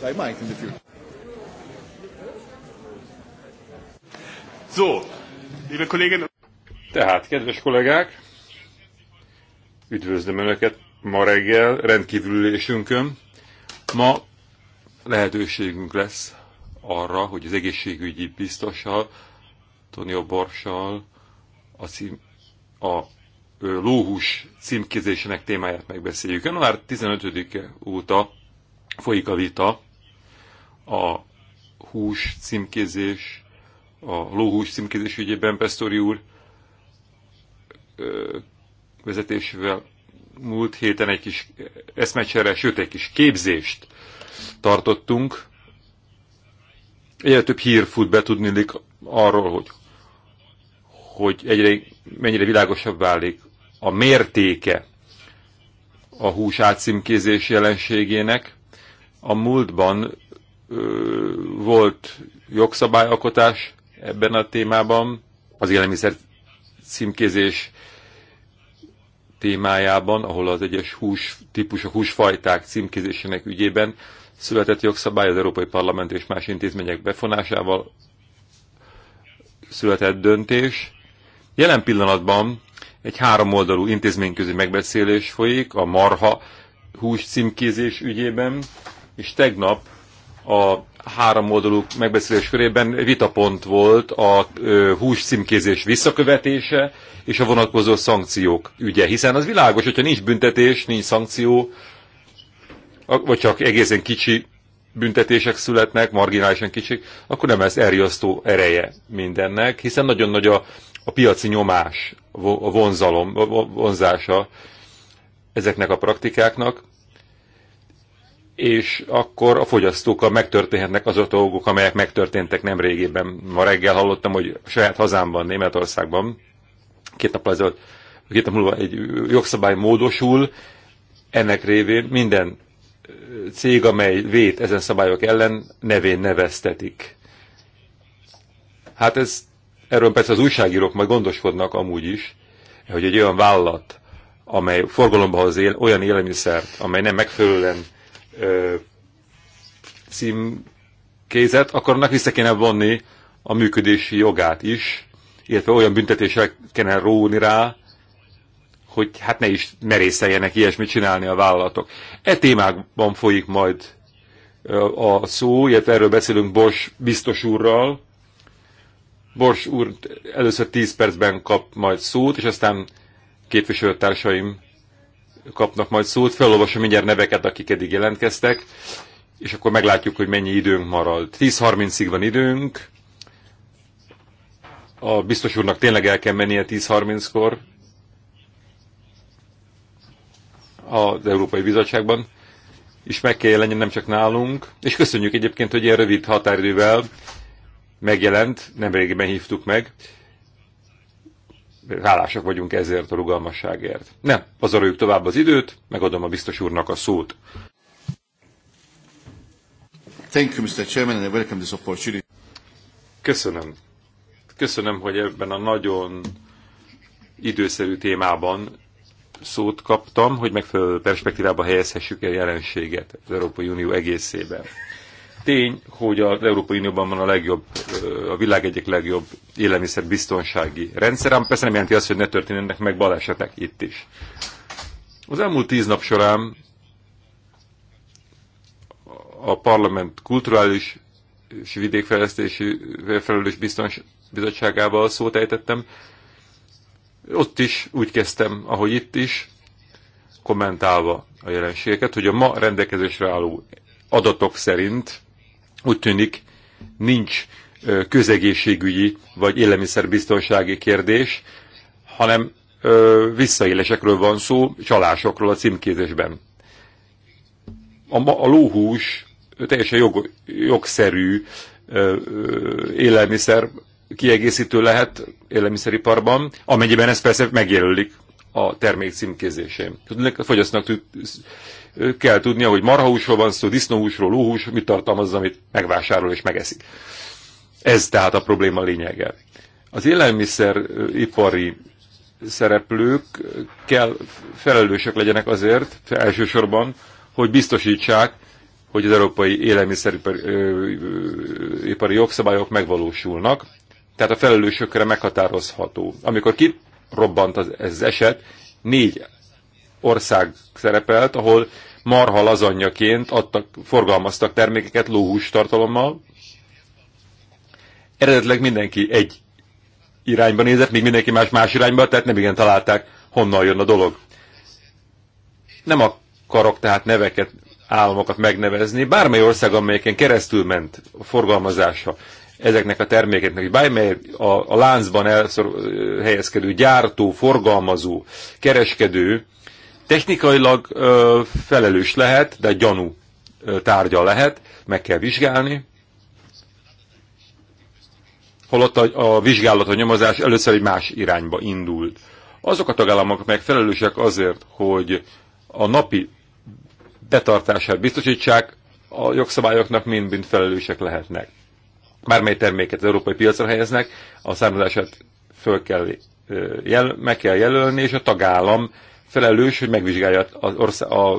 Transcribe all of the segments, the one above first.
they might in the future. So, liebe Kolleginnen. Tehát, kedves kollégák, üdvözlöm Önöket ma reggel rendkívülülésünkön. Ma lehetőségünk lesz arra, hogy az egészségügyi biztossal, Tonio Borssal a, cím, a lóhús címkézésének témáját megbeszéljük. Január 15-e óta folyik a vita a hús címkézés, a lóhús címkézés ügyében Pesztori úr vezetésével múlt héten egy kis eszmecsere, sőt egy kis képzést tartottunk. Egyre több hír fut be tudnilik arról, hogy, hogy egyre mennyire világosabb válik a mértéke a hús átcímkézés jelenségének. A múltban volt jogszabályalkotás ebben a témában, az élelmiszer címkézés témájában, ahol az egyes hús típusok, húsfajták címkézésének ügyében született jogszabály az Európai Parlament és más intézmények befonásával született döntés. Jelen pillanatban egy háromoldalú intézményközi megbeszélés folyik a marha hús címkézés ügyében, és tegnap a három oldalú megbeszélés körében vitapont volt a hús címkézés visszakövetése és a vonatkozó szankciók ügye, hiszen az világos, hogyha nincs büntetés, nincs szankció, vagy csak egészen kicsi büntetések születnek, marginálisan kicsik, akkor nem ez elriasztó ereje mindennek, hiszen nagyon nagy a, a piaci nyomás, a vonzalom, a vonzása ezeknek a praktikáknak, és akkor a fogyasztókkal megtörténhetnek azok a dolgok, amelyek megtörténtek nem régében. Ma reggel hallottam, hogy saját hazámban, Németországban, két nap ezelőtt, két nap múlva egy jogszabály módosul, ennek révén minden cég, amely vét ezen szabályok ellen, nevén neveztetik. Hát ez, erről persze az újságírók majd gondoskodnak amúgy is, hogy egy olyan vállalat, amely forgalomba hoz él, olyan élelmiszert, amely nem megfelelően ö, címkézet, akkor annak vissza kéne vonni a működési jogát is, illetve olyan büntetésre kéne róni rá, hogy hát ne is merészeljenek ilyesmit csinálni a vállalatok. E témákban folyik majd a szó, illetve erről beszélünk Bors biztos úrral. Bors úr először 10 percben kap majd szót, és aztán képviselőtársaim kapnak majd szót, felolvasom mindjárt neveket, akik eddig jelentkeztek, és akkor meglátjuk, hogy mennyi időnk marad. 10.30-ig van időnk, a biztos úrnak tényleg el kell mennie 10.30-kor az Európai Bizottságban, és meg kell jelenjen nem csak nálunk, és köszönjük egyébként, hogy ilyen rövid határidővel megjelent, nemrégiben hívtuk meg, hálásak vagyunk ezért a rugalmasságért. Ne, pazaroljuk tovább az időt, megadom a biztos úrnak a szót. Thank you, Mr. Chairman, and I welcome this opportunity. Köszönöm. Köszönöm, hogy ebben a nagyon időszerű témában szót kaptam, hogy megfelelő perspektívába helyezhessük el jelenséget az Európai Unió egészében. Tény, hogy az Európai Unióban van a legjobb, a világ egyik legjobb élelmiszerbiztonsági rendszer, ám persze nem jelenti azt, hogy ne történjenek meg balesetek itt is. Az elmúlt tíz nap során a parlament kulturális és vidékfejlesztési felelős biztons, bizottságával szót ejtettem. Ott is úgy kezdtem, ahogy itt is, kommentálva a jelenségeket, hogy a ma rendelkezésre álló adatok szerint úgy tűnik nincs közegészségügyi vagy élelmiszerbiztonsági kérdés, hanem visszaélesekről van szó, csalásokról a címkézésben. A, a lóhús teljesen jog, jogszerű élelmiszer kiegészítő lehet élelmiszeriparban, amennyiben ezt persze megjelölik a termék címkézésén. A fogyasztónak kell tudnia, hogy marhahúsról van szó, disznóhúsról, lóhús, mit tartalmaz, amit megvásárol és megeszik. Ez tehát a probléma lényege. Az élelmiszeripari szereplők kell felelősek legyenek azért, elsősorban, hogy biztosítsák, hogy az európai élelmiszeripari jogszabályok megvalósulnak, tehát a felelősökre meghatározható. Amikor ki robbant az, ez az eset, négy ország szerepelt, ahol marha lazanyjaként adtak, forgalmaztak termékeket lóhús tartalommal. Eredetleg mindenki egy irányba nézett, még mindenki más más irányba, tehát nem igen találták, honnan jön a dolog. Nem akarok tehát neveket, államokat megnevezni. Bármely ország, amelyeken keresztül ment a forgalmazása ezeknek a termékeknek, hogy bármely a, a láncban elszor, helyezkedő gyártó, forgalmazó, kereskedő technikailag ö, felelős lehet, de gyanú ö, tárgya lehet, meg kell vizsgálni, holott a, a vizsgálat, a nyomozás először egy más irányba indult. Azok a tagállamok, amelyek felelősek azért, hogy a napi betartását biztosítsák, a jogszabályoknak mind-mind felelősek lehetnek bármely terméket az európai piacra helyeznek, a származását föl kell, jel, meg kell jelölni, és a tagállam felelős, hogy megvizsgálja az ország, a,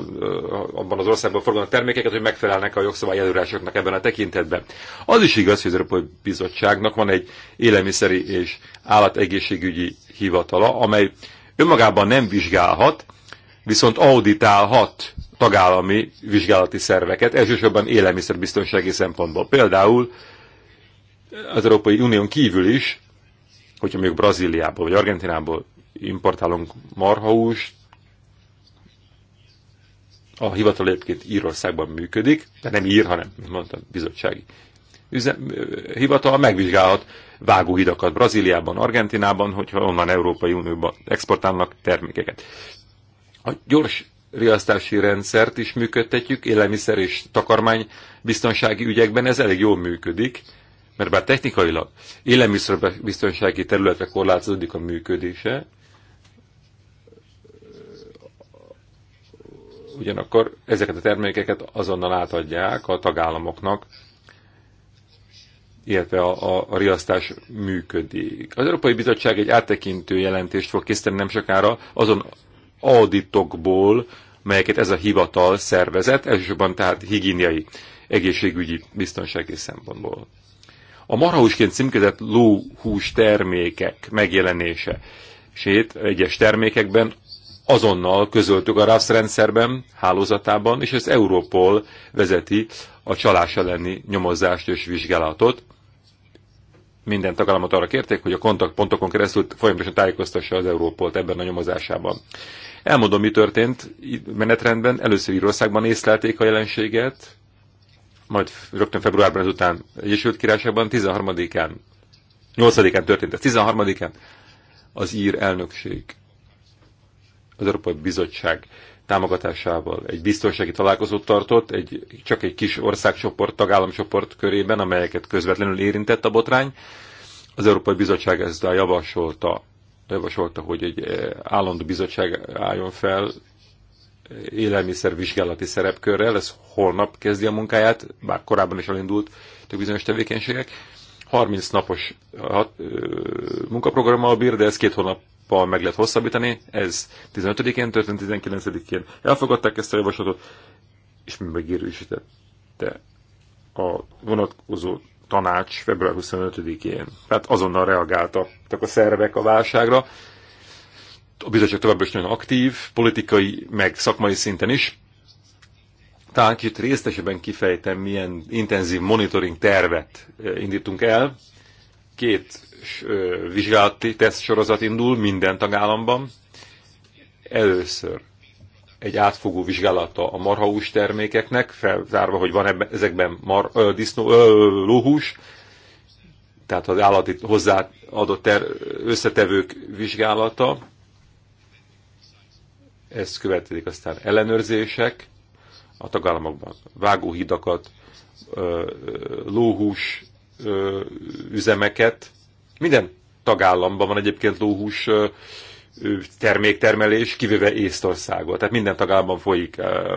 abban az országban forgalmi termékeket, hogy megfelelnek a jogszabály előírásoknak ebben a tekintetben. Az is igaz, hogy az Európai Bizottságnak van egy élelmiszeri és állategészségügyi hivatala, amely önmagában nem vizsgálhat, viszont auditálhat tagállami vizsgálati szerveket, elsősorban élelmiszerbiztonsági szempontból. Például az Európai Unión kívül is, hogyha mondjuk Brazíliából vagy Argentinából importálunk marhahúst, a hivatal egyébként Írországban működik, de nem ír, hanem, mint mondtam, bizottsági üzem, hivatal megvizsgálhat vágóhidakat Brazíliában, Argentinában, hogyha onnan Európai Unióba exportálnak termékeket. A gyors riasztási rendszert is működtetjük, élelmiszer és takarmány biztonsági ügyekben ez elég jól működik, mert bár technikailag élelmiszerbiztonsági területre korlátozódik a működése, ugyanakkor ezeket a termékeket azonnal átadják a tagállamoknak, illetve a, a, a riasztás működik. Az Európai Bizottság egy áttekintő jelentést fog készíteni nem sokára azon auditokból, melyeket ez a hivatal szervezet, elsősorban tehát higiéniai, egészségügyi, biztonsági szempontból a marhausként címkezett lóhús termékek megjelenése sét egyes termékekben azonnal közöltük a RASZ rendszerben, hálózatában, és az Europol vezeti a csalás elleni nyomozást és vizsgálatot. Minden tagállamot arra kérték, hogy a kontaktpontokon keresztül folyamatosan tájékoztassa az Európolt ebben a nyomozásában. Elmondom, mi történt menetrendben. Először Írországban észlelték a jelenséget, majd rögtön februárban ezután Egyesült Királyságban 13-án, 8-án történt ez, 13-án az ír elnökség, az Európai Bizottság támogatásával egy biztonsági találkozót tartott, egy, csak egy kis országcsoport, tagállamcsoport körében, amelyeket közvetlenül érintett a botrány. Az Európai Bizottság ezzel javasolta, javasolta, hogy egy eh, állandó bizottság álljon fel élelmiszervizsgálati szerepkörrel, ez holnap kezdi a munkáját, bár korábban is elindult több bizonyos tevékenységek. 30 napos munkaprogrammal bír, de ez két hónappal meg lehet hosszabbítani. Ez 15-én történt, 19-én elfogadták ezt a javaslatot, és mi megérősítette a vonatkozó tanács február 25-én. Tehát azonnal reagáltak a szervek a válságra, a bizottság továbbra is nagyon aktív, politikai, meg szakmai szinten is. Talán kicsit részletesebben kifejtem, milyen intenzív monitoring tervet eh, indítunk el. Két vizsgálati tesztsorozat indul minden tagállamban. Először egy átfogó vizsgálata a marhahús termékeknek, felzárva, hogy van ebben, ezekben mar, ö, disznó, ö, lóhús, tehát az állati hozzáadott ter, összetevők vizsgálata, ezt követelik aztán ellenőrzések a tagállamokban. Vágóhidakat, lóhús üzemeket. Minden tagállamban van egyébként lóhús terméktermelés, kivéve Észtországot. Tehát minden tagállamban folyik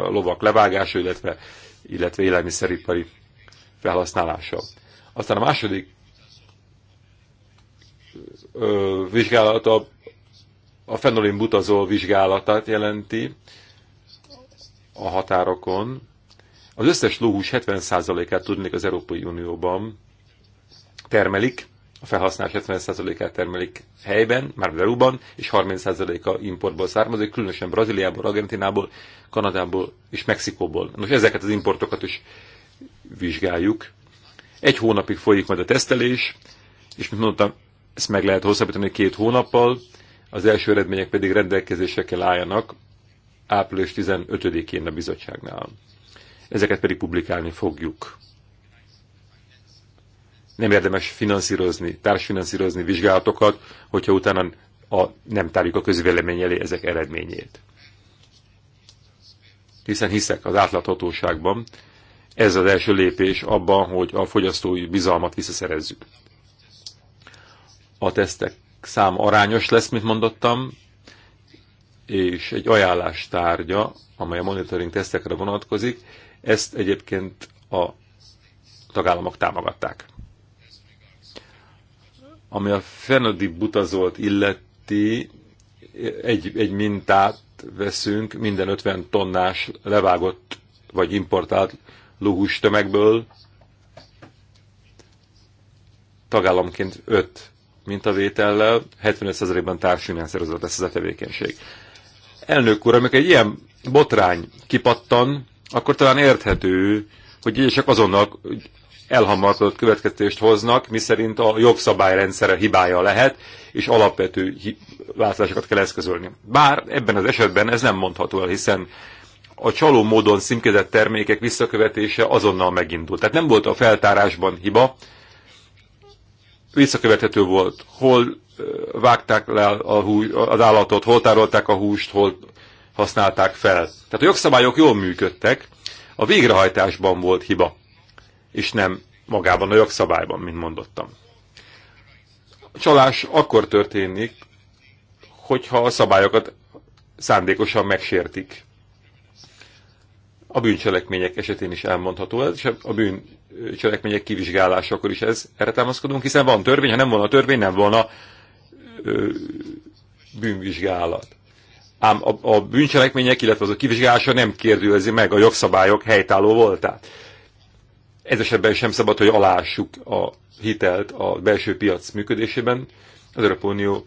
lovak levágása, illetve, illetve élelmiszeripari felhasználása. Aztán a második vizsgálata a fenolin butazol vizsgálatát jelenti a határokon. Az összes lóhús 70%-át tudnék az Európai Unióban termelik, a felhasználás 70%-át termelik helyben, már Verúban, és 30%-a importból származik, különösen Brazíliából, Argentinából, Kanadából és Mexikóból. Nos, ezeket az importokat is vizsgáljuk. Egy hónapig folyik majd a tesztelés, és mint mondtam, ezt meg lehet hosszabbítani két hónappal, az első eredmények pedig rendelkezésekkel álljanak április 15-én a bizottságnál. Ezeket pedig publikálni fogjuk. Nem érdemes finanszírozni, társfinanszírozni vizsgálatokat, hogyha utána a, nem tárjuk a közvélemény elé ezek eredményét. Hiszen hiszek az átláthatóságban, ez az első lépés abban, hogy a fogyasztói bizalmat visszaszerezzük. A tesztek szám arányos lesz, mint mondottam, és egy ajánlás tárgya, amely a monitoring tesztekre vonatkozik, ezt egyébként a tagállamok támogatták. Ami a fenodib butazolt illeti, egy, egy mintát veszünk minden 50 tonnás levágott vagy importált luhus tömegből, tagállamként 5 mintavétellel 75%-ban társfinanszírozott lesz ez a tevékenység. Elnök úr, amikor egy ilyen botrány kipattan, akkor talán érthető, hogy csak azonnal elhamarkodott következtést hoznak, miszerint a jogszabályrendszere hibája lehet, és alapvető változásokat kell eszközölni. Bár ebben az esetben ez nem mondható el, hiszen a csaló módon szimkezett termékek visszakövetése azonnal megindult. Tehát nem volt a feltárásban hiba, visszakövethető volt, hol vágták le a hús, az állatot, hol tárolták a húst, hol használták fel. Tehát a jogszabályok jól működtek, a végrehajtásban volt hiba, és nem magában a jogszabályban, mint mondottam. A csalás akkor történik, hogyha a szabályokat szándékosan megsértik a bűncselekmények esetén is elmondható ez, és a bűncselekmények kivizsgálásakor is ez, erre támaszkodunk, hiszen van törvény, ha nem volna törvény, nem volna ö, bűnvizsgálat. Ám a, a bűncselekmények, illetve az a kivizsgálása nem kérdőjezi meg a jogszabályok helytálló voltát. Ez esetben sem szabad, hogy alássuk a hitelt a belső piac működésében. Az Európai Unió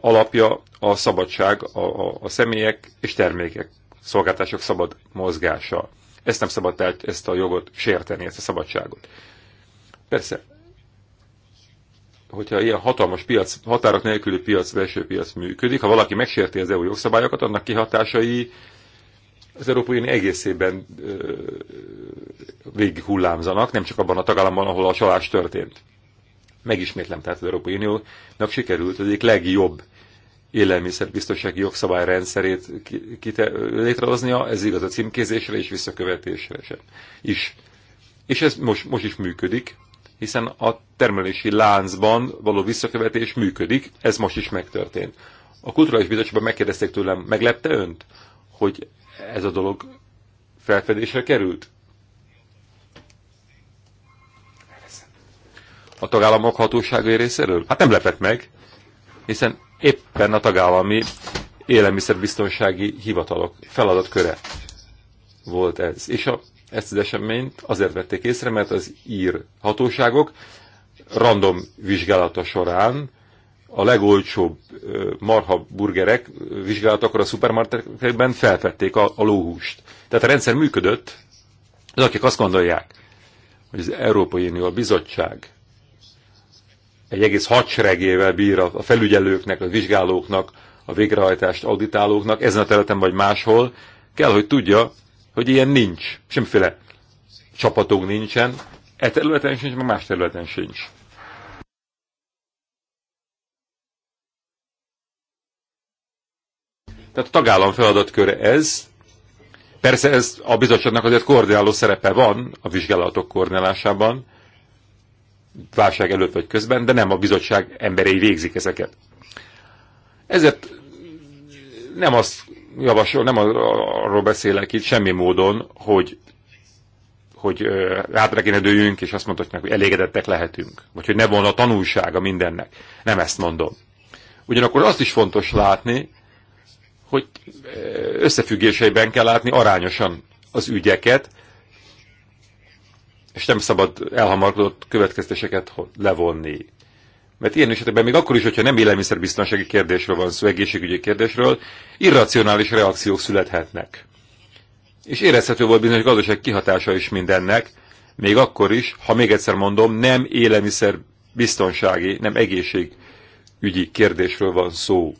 alapja a szabadság a, a, a személyek és termékek szolgáltások szabad mozgása. Ezt nem szabad tehát ezt a jogot sérteni, ezt a szabadságot. Persze, hogyha ilyen hatalmas piac, határok nélküli piac, belső piac működik, ha valaki megsérti az EU jogszabályokat, annak kihatásai az Európai Unió egészében végig hullámzanak, nem csak abban a tagállamban, ahol a csalás történt. Megismétlem, tehát az Európai Uniónak sikerült az egyik legjobb élelmiszerbiztonsági jogszabályrendszerét létrehoznia, ez igaz a címkézésre és visszakövetésre sem. is. És ez most, most is működik, hiszen a termelési láncban való visszakövetés működik, ez most is megtörtént. A Kulturális Bizottságban megkérdezték tőlem, meglepte önt, hogy ez a dolog felfedésre került? A tagállamok hatóságai részéről? Hát nem lepett meg, hiszen éppen a tagállami élelmiszerbiztonsági hivatalok feladatköre volt ez. És a, ezt az eseményt azért vették észre, mert az ír hatóságok random vizsgálata során a legolcsóbb marha burgerek akkor a szupermarketekben felfedték a, a lóhúst. Tehát a rendszer működött, de akik azt gondolják, hogy az Európai Unió, a bizottság egy egész hadseregével bír a felügyelőknek, a vizsgálóknak, a végrehajtást auditálóknak, ezen a területen vagy máshol, kell, hogy tudja, hogy ilyen nincs. Semmiféle csapatunk nincsen, e területen sincs, meg más területen sincs. Tehát a tagállam feladatköre ez. Persze ez a bizottságnak azért koordináló szerepe van a vizsgálatok koordinálásában, válság előtt vagy közben, de nem a bizottság emberei végzik ezeket. Ezért nem azt javasol, nem arról beszélek itt semmi módon, hogy hogy hátra és azt mondhatjuk, hogy elégedettek lehetünk, vagy hogy ne volna a tanulsága mindennek. Nem ezt mondom. Ugyanakkor azt is fontos látni, hogy összefüggéseiben kell látni arányosan az ügyeket, és nem szabad elhamarkodott következtéseket levonni. Mert ilyen esetben még akkor is, hogyha nem élelmiszerbiztonsági kérdésről van szó, egészségügyi kérdésről, irracionális reakciók születhetnek. És érezhető volt bizonyos gazdaság kihatása is mindennek, még akkor is, ha még egyszer mondom, nem élelmiszerbiztonsági, nem egészségügyi kérdésről van szó.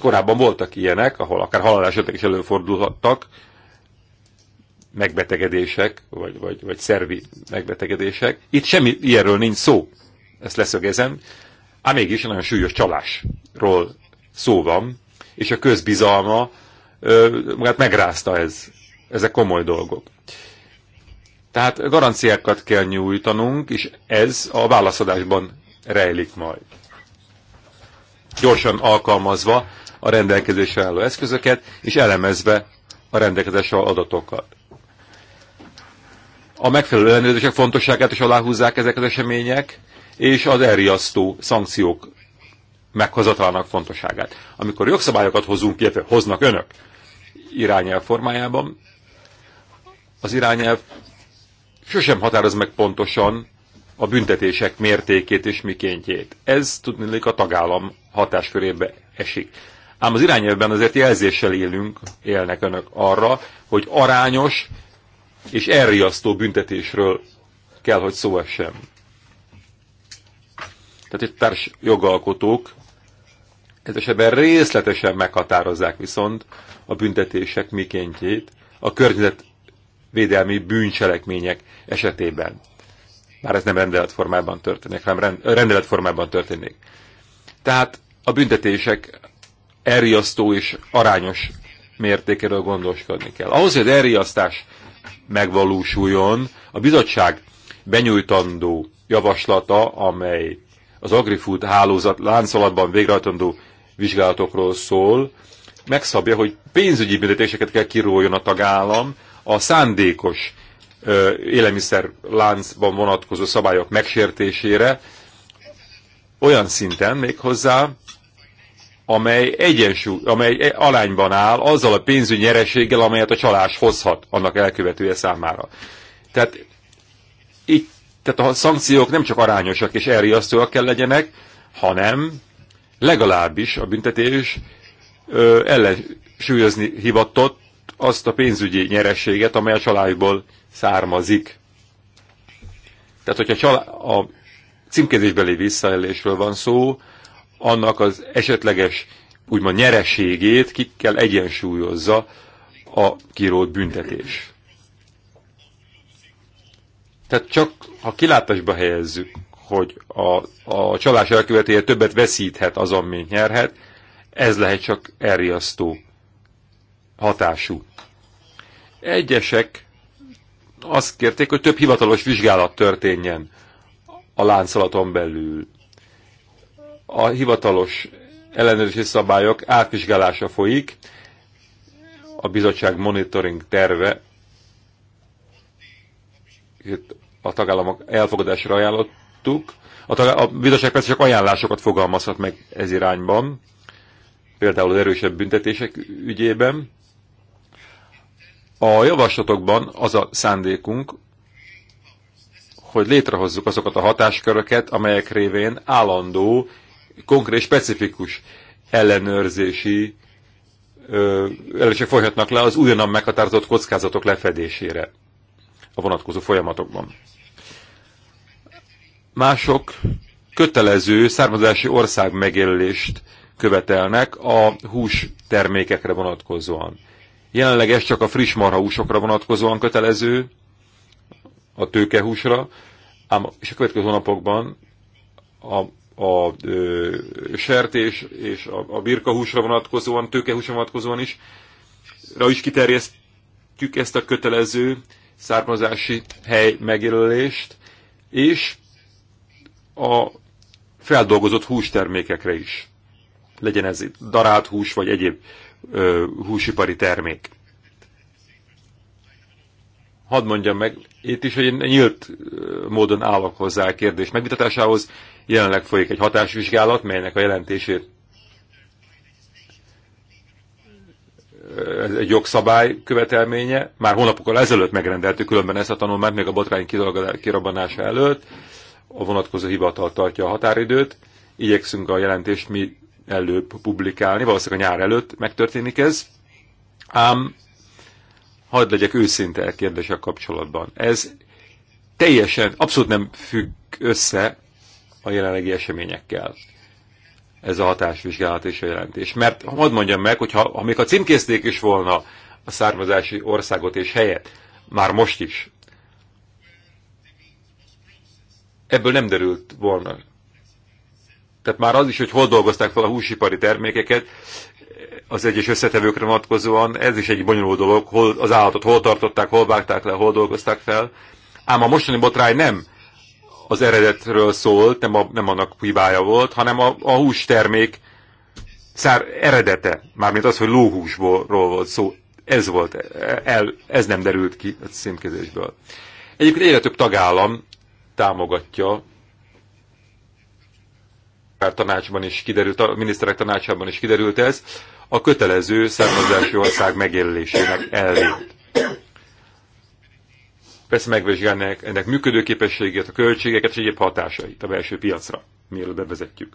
Korábban voltak ilyenek, ahol akár halálesetek is előfordulhattak, megbetegedések, vagy, vagy, vagy szervi megbetegedések. Itt semmi ilyenről nincs szó, ezt leszögezem, ám mégis nagyon súlyos csalásról szó van, és a közbizalma magát megrázta ez. Ezek komoly dolgok. Tehát garanciákat kell nyújtanunk, és ez a válaszadásban rejlik majd. Gyorsan alkalmazva a rendelkezésre álló eszközöket, és elemezve a rendelkezésre adatokat a megfelelő ellenőrzések fontosságát is aláhúzzák ezek az események, és az elriasztó szankciók meghozatalának fontosságát. Amikor jogszabályokat hozunk, illetve hoznak önök irányelv formájában, az irányelv sosem határoz meg pontosan a büntetések mértékét és mikéntjét. Ez tudnélik a tagállam hatáskörébe esik. Ám az irányelvben azért jelzéssel élünk, élnek önök arra, hogy arányos és elriasztó büntetésről kell, hogy szó essen. Tehát itt társ jogalkotók ez esetben részletesen meghatározzák viszont a büntetések mikéntjét a környezetvédelmi bűncselekmények esetében. Már ez nem rendeletformában történik, hanem rendeletformában történik. Tehát a büntetések elriasztó és arányos mértékéről gondoskodni kell. Ahhoz, hogy az elriasztás megvalósuljon. A bizottság benyújtandó javaslata, amely az AgriFood hálózat láncolatban végrehajtandó vizsgálatokról szól, megszabja, hogy pénzügyi büntetéseket kell kiróljon a tagállam a szándékos élelmiszer láncban vonatkozó szabályok megsértésére, olyan szinten még hozzá, amely, egyensúly, amely e- alányban áll azzal a pénzügyi nyereséggel, amelyet a csalás hozhat annak elkövetője számára. Tehát, itt, tehát a szankciók nem csak arányosak és elriasztóak kell legyenek, hanem legalábbis a büntetés ö, ellensúlyozni hivatott azt a pénzügyi nyerességet, amely a családból származik. Tehát, hogyha a címkezésbeli visszaélésről van szó, annak az esetleges úgymond nyereségét ki kell egyensúlyozza a kirót büntetés. Tehát csak ha kilátásba helyezzük, hogy a, a csalás elkövetője többet veszíthet az amit nyerhet, ez lehet csak elriasztó hatású. Egyesek azt kérték, hogy több hivatalos vizsgálat történjen a láncolaton belül a hivatalos ellenőrzési szabályok átvizsgálása folyik, a bizottság monitoring terve a tagállamok elfogadásra ajánlottuk. A, tag, a bizottság persze csak ajánlásokat fogalmazhat meg ez irányban, például az erősebb büntetések ügyében. A javaslatokban az a szándékunk, hogy létrehozzuk azokat a hatásköröket, amelyek révén állandó konkrét, specifikus ellenőrzési ellenőrzések folyhatnak le az újonnan meghatározott kockázatok lefedésére a vonatkozó folyamatokban. Mások kötelező származási ország megélést követelnek a hús termékekre vonatkozóan. Jelenleg ez csak a friss marhahúsokra vonatkozóan kötelező, a tőkehúsra, ám és a következő napokban a a ö, sertés és a, a birkahúsra vonatkozóan, tőkehúsra vonatkozóan is, rá is kiterjesztjük ezt a kötelező származási hely megjelölést, és a feldolgozott hústermékekre is. Legyen ez darált hús, vagy egyéb ö, húsipari termék hadd mondjam meg itt is, hogy én nyílt módon állok hozzá a kérdés megvitatásához. Jelenleg folyik egy hatásvizsgálat, melynek a jelentését ez egy jogszabály követelménye. Már hónapokkal ezelőtt megrendeltük különben ezt a tanulmányt, még a botrány kirabbanása előtt. A vonatkozó hivatal tartja a határidőt. Igyekszünk a jelentést mi előbb publikálni, valószínűleg a nyár előtt megtörténik ez. Ám hadd legyek őszinte a e kérdések kapcsolatban. Ez teljesen, abszolút nem függ össze a jelenlegi eseményekkel. Ez a hatásvizsgálat és a jelentés. Mert hadd mondjam meg, hogy ha, ha még a címkézték is volna a származási országot és helyet, már most is, ebből nem derült volna. Tehát már az is, hogy hol dolgozták fel a húsipari termékeket, az egyes összetevőkre vonatkozóan, ez is egy bonyolult dolog, hol az állatot hol tartották, hol vágták le, hol dolgozták fel. Ám a mostani botrány nem az eredetről szólt, nem, a, nem annak hibája volt, hanem a, a hústermék szár eredete, mármint az, hogy lóhúsból volt szó, ez volt, el, ez nem derült ki a címkezésből. Egyébként egyre több tagállam támogatja tanácsban is kiderült, a miniszterek tanácsában is kiderült ez, a kötelező származási ország megélésének elvét. Persze megvizsgálni ennek működőképességét, a költségeket és egyéb hatásait a belső piacra, mielőtt bevezetjük.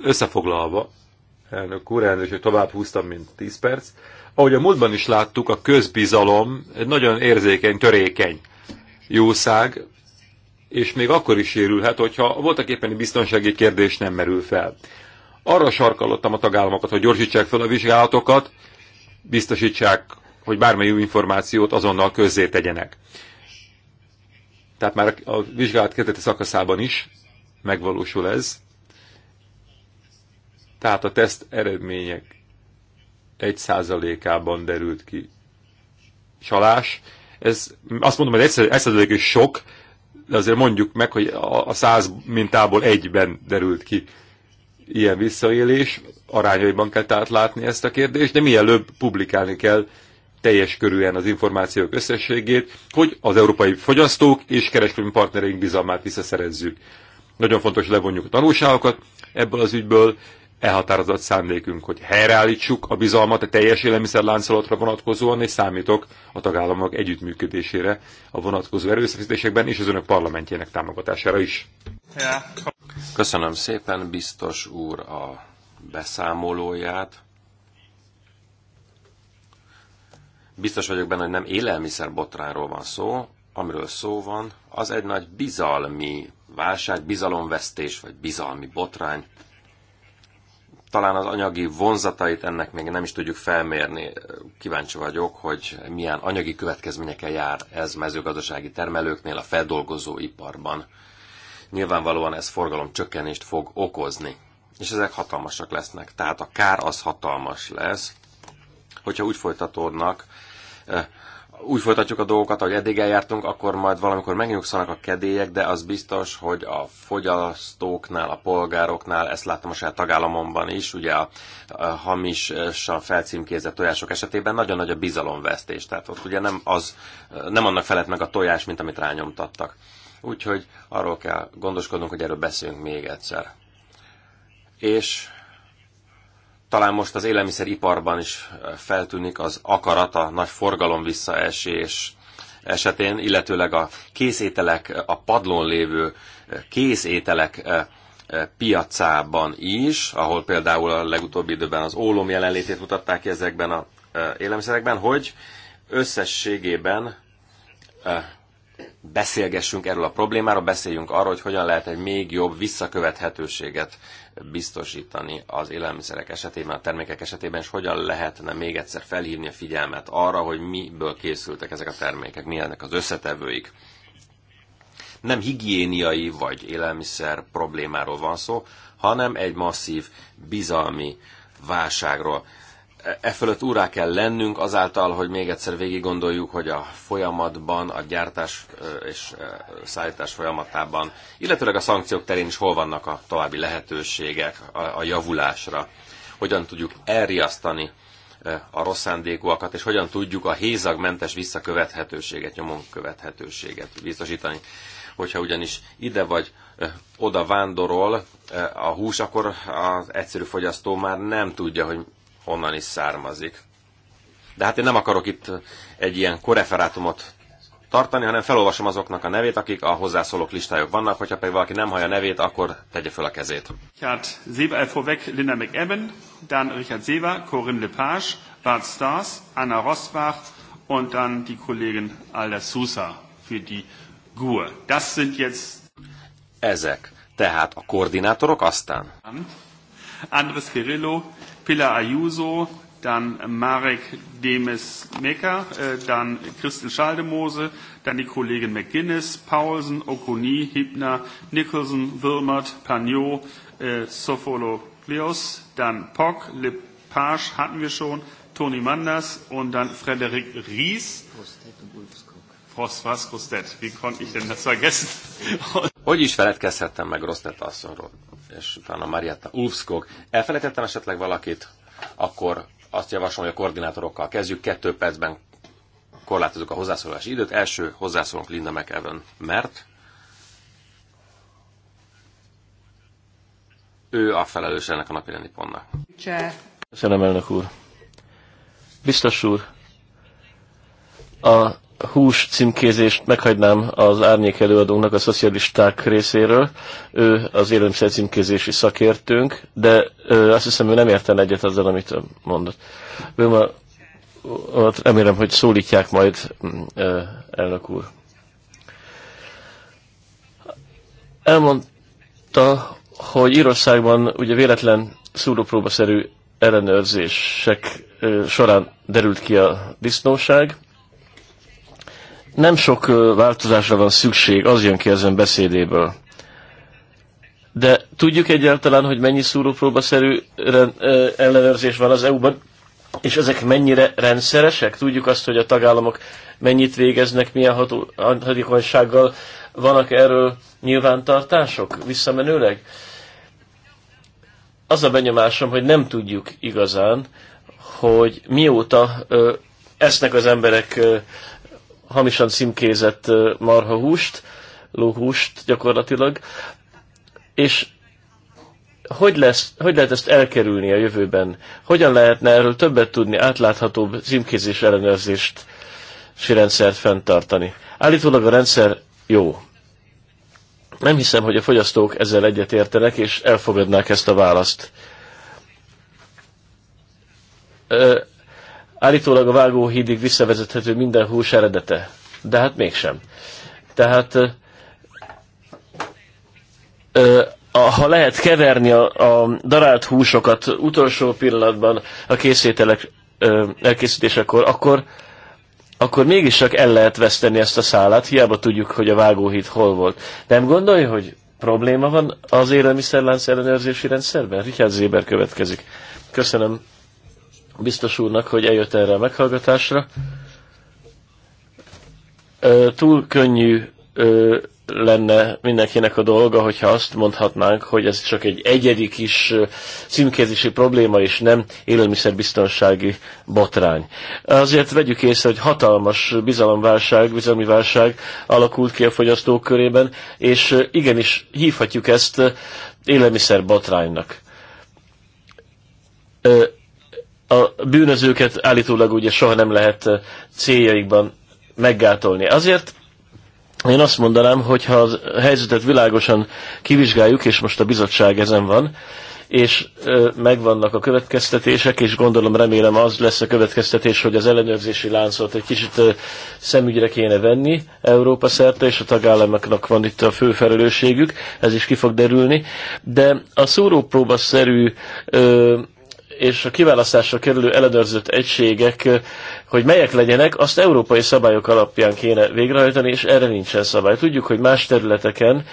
összefoglalva, elnök úr, elnök, hogy tovább húztam, mint 10 perc. Ahogy a múltban is láttuk, a közbizalom egy nagyon érzékeny, törékeny jószág, és még akkor is sérülhet, hogyha voltak éppen biztonsági kérdés nem merül fel. Arra sarkallottam a tagállamokat, hogy gyorsítsák fel a vizsgálatokat, biztosítsák, hogy bármely új információt azonnal közzé tegyenek. Tehát már a vizsgálat kezdeti szakaszában is megvalósul ez. Tehát a teszt eredmények 1%-ában derült ki csalás. Ez azt mondom, hogy 1%-os sok, de azért mondjuk meg, hogy a száz mintából egyben derült ki ilyen visszaélés, arányaiban kell tehát látni ezt a kérdést, de mielőbb publikálni kell teljes körűen az információk összességét, hogy az európai fogyasztók és kereskedelmi partnereink bizalmát visszaszerezzük. Nagyon fontos, levonjuk a tanulságokat ebből az ügyből, elhatározott szándékunk, hogy helyreállítsuk a bizalmat a teljes élelmiszerláncolatra vonatkozóan, és számítok a tagállamok együttműködésére a vonatkozó erőszakítésekben és az önök parlamentjének támogatására is. Köszönöm szépen, biztos úr, a beszámolóját. Biztos vagyok benne, hogy nem élelmiszerbotránról van szó, amiről szó van, az egy nagy bizalmi válság, bizalomvesztés, vagy bizalmi botrány, talán az anyagi vonzatait ennek még nem is tudjuk felmérni. Kíváncsi vagyok, hogy milyen anyagi következményekkel jár ez mezőgazdasági termelőknél a feldolgozó iparban. Nyilvánvalóan ez forgalom csökkenést fog okozni, és ezek hatalmasak lesznek. Tehát a kár az hatalmas lesz, hogyha úgy folytatódnak eh, úgy folytatjuk a dolgokat, ahogy eddig eljártunk, akkor majd valamikor megnyugszanak a kedélyek, de az biztos, hogy a fogyasztóknál, a polgároknál, ezt láttam a saját tagállamomban is, ugye a, a hamisan felcímkézett tojások esetében nagyon nagy a bizalomvesztés. Tehát ott ugye nem, az, nem annak felett meg a tojás, mint amit rányomtattak. Úgyhogy arról kell gondoskodnunk, hogy erről beszélünk még egyszer. És talán most az élelmiszeriparban is feltűnik az akarata, nagy forgalom visszaesés esetén, illetőleg a készételek, a padlón lévő készételek piacában is, ahol például a legutóbbi időben az ólom jelenlétét mutatták ki ezekben a élelmiszerekben, hogy összességében beszélgessünk erről a problémáról, beszéljünk arról, hogy hogyan lehet egy még jobb visszakövethetőséget biztosítani az élelmiszerek esetében, a termékek esetében, és hogyan lehetne még egyszer felhívni a figyelmet arra, hogy miből készültek ezek a termékek, milyenek az összetevőik. Nem higiéniai vagy élelmiszer problémáról van szó, hanem egy masszív bizalmi válságról e fölött úrá kell lennünk azáltal, hogy még egyszer végig gondoljuk, hogy a folyamatban, a gyártás és szállítás folyamatában, illetőleg a szankciók terén is hol vannak a további lehetőségek a, a javulásra. Hogyan tudjuk elriasztani a rossz szándékúakat, és hogyan tudjuk a hézagmentes visszakövethetőséget, nyomon követhetőséget biztosítani. Hogyha ugyanis ide vagy oda vándorol a hús, akkor az egyszerű fogyasztó már nem tudja, hogy honnan is származik. De hát én nem akarok itt egy ilyen koreferátumot tartani, hanem felolvasom azoknak a nevét, akik a hozzászólók listájuk vannak, hogyha pedig valaki nem hallja nevét, akkor tegye fel a kezét. Richard Seber vorweg, Linda McEwen, dann Richard Seber, Corinne Lepage, Bart Stars, Anna Rosbach und dann die Kollegin Alda Sousa für die GUE. Das sind jetzt... Ezek. Tehát a koordinátorok aztán. Andres Pirillo, Pilar Ayuso, dann Marek Demes-Mecker, äh, dann Christel Schaldemose, dann die Kollegin McGuinness, Paulsen, Okuni, Hibner, Nicholson, Wilmert, Pagnot, äh, Sophologlios, dann Pock, Lepage hatten wir schon, Toni Manders und dann Frederik Ries. was, Rostet. Wie konnte ich denn das vergessen? Hogy is feledkezhettem meg Rostet asszonyról? és utána Marietta Ulfskog. Elfelejtettem esetleg valakit, akkor azt javaslom, hogy a koordinátorokkal kezdjük. Kettő percben korlátozunk a hozzászólási időt. Első hozzászólunk Linda McEwen, mert ő a felelős ennek a rendi pontnak. Köszönöm, elnök úr. Biztos úr, a hús címkézést meghagynám az árnyék előadónak a szocialisták részéről. Ő az élelmiszer címkézési szakértőnk, de ö, azt hiszem ő nem érten egyet azzal, amit mondott. Ő ma, remélem, hogy szólítják majd mm, ö, elnök úr. Elmondta, hogy Írországban ugye véletlen szúrópróbaszerű ellenőrzések során derült ki a disznóság, nem sok változásra van szükség, az jön ki ezen beszédéből. De tudjuk egyáltalán, hogy mennyi szúrópróbaszerű ellenőrzés van az EU-ban, és ezek mennyire rendszeresek? Tudjuk azt, hogy a tagállamok mennyit végeznek, milyen hatékonysággal vannak erről nyilvántartások visszamenőleg? Az a benyomásom, hogy nem tudjuk igazán, hogy mióta ö, esznek az emberek ö, hamisan címkézett marhahúst, lóhúst gyakorlatilag, és hogy, lesz, hogy lehet ezt elkerülni a jövőben? Hogyan lehetne erről többet tudni, átláthatóbb címkézés ellenőrzést és rendszert fenntartani? Állítólag a rendszer jó. Nem hiszem, hogy a fogyasztók ezzel egyet értenek és elfogadnák ezt a választ. Állítólag a vágóhídig visszavezethető minden hús eredete, de hát mégsem. Tehát ha lehet keverni a, a darált húsokat utolsó pillanatban a készételek ö, elkészítésekor, akkor, akkor mégis csak el lehet veszteni ezt a szálát, hiába tudjuk, hogy a vágóhíd hol volt. Nem gondolja, hogy probléma van az élelmiszerlánc ellenőrzési rendszerben? Richard Zéber következik. Köszönöm, biztos úrnak, hogy eljött erre a meghallgatásra. Túl könnyű lenne mindenkinek a dolga, hogyha azt mondhatnánk, hogy ez csak egy egyedi kis címkézési probléma, és nem élelmiszerbiztonsági botrány. Azért vegyük észre, hogy hatalmas bizalomválság, bizalmi válság alakult ki a fogyasztók körében, és igenis hívhatjuk ezt élelmiszer botránynak a bűnözőket állítólag ugye soha nem lehet eh, céljaikban meggátolni. Azért én azt mondanám, hogy ha a helyzetet világosan kivizsgáljuk, és most a bizottság ezen van, és eh, megvannak a következtetések, és gondolom, remélem az lesz a következtetés, hogy az ellenőrzési láncot egy kicsit eh, szemügyre kéne venni Európa szerte, és a tagállamoknak van itt a fő felelősségük, ez is ki fog derülni, de a szórópróba szerű és a kiválasztásra kerülő ellenőrzött egységek, hogy melyek legyenek, azt európai szabályok alapján kéne végrehajtani, és erre nincsen szabály. Tudjuk, hogy más területeken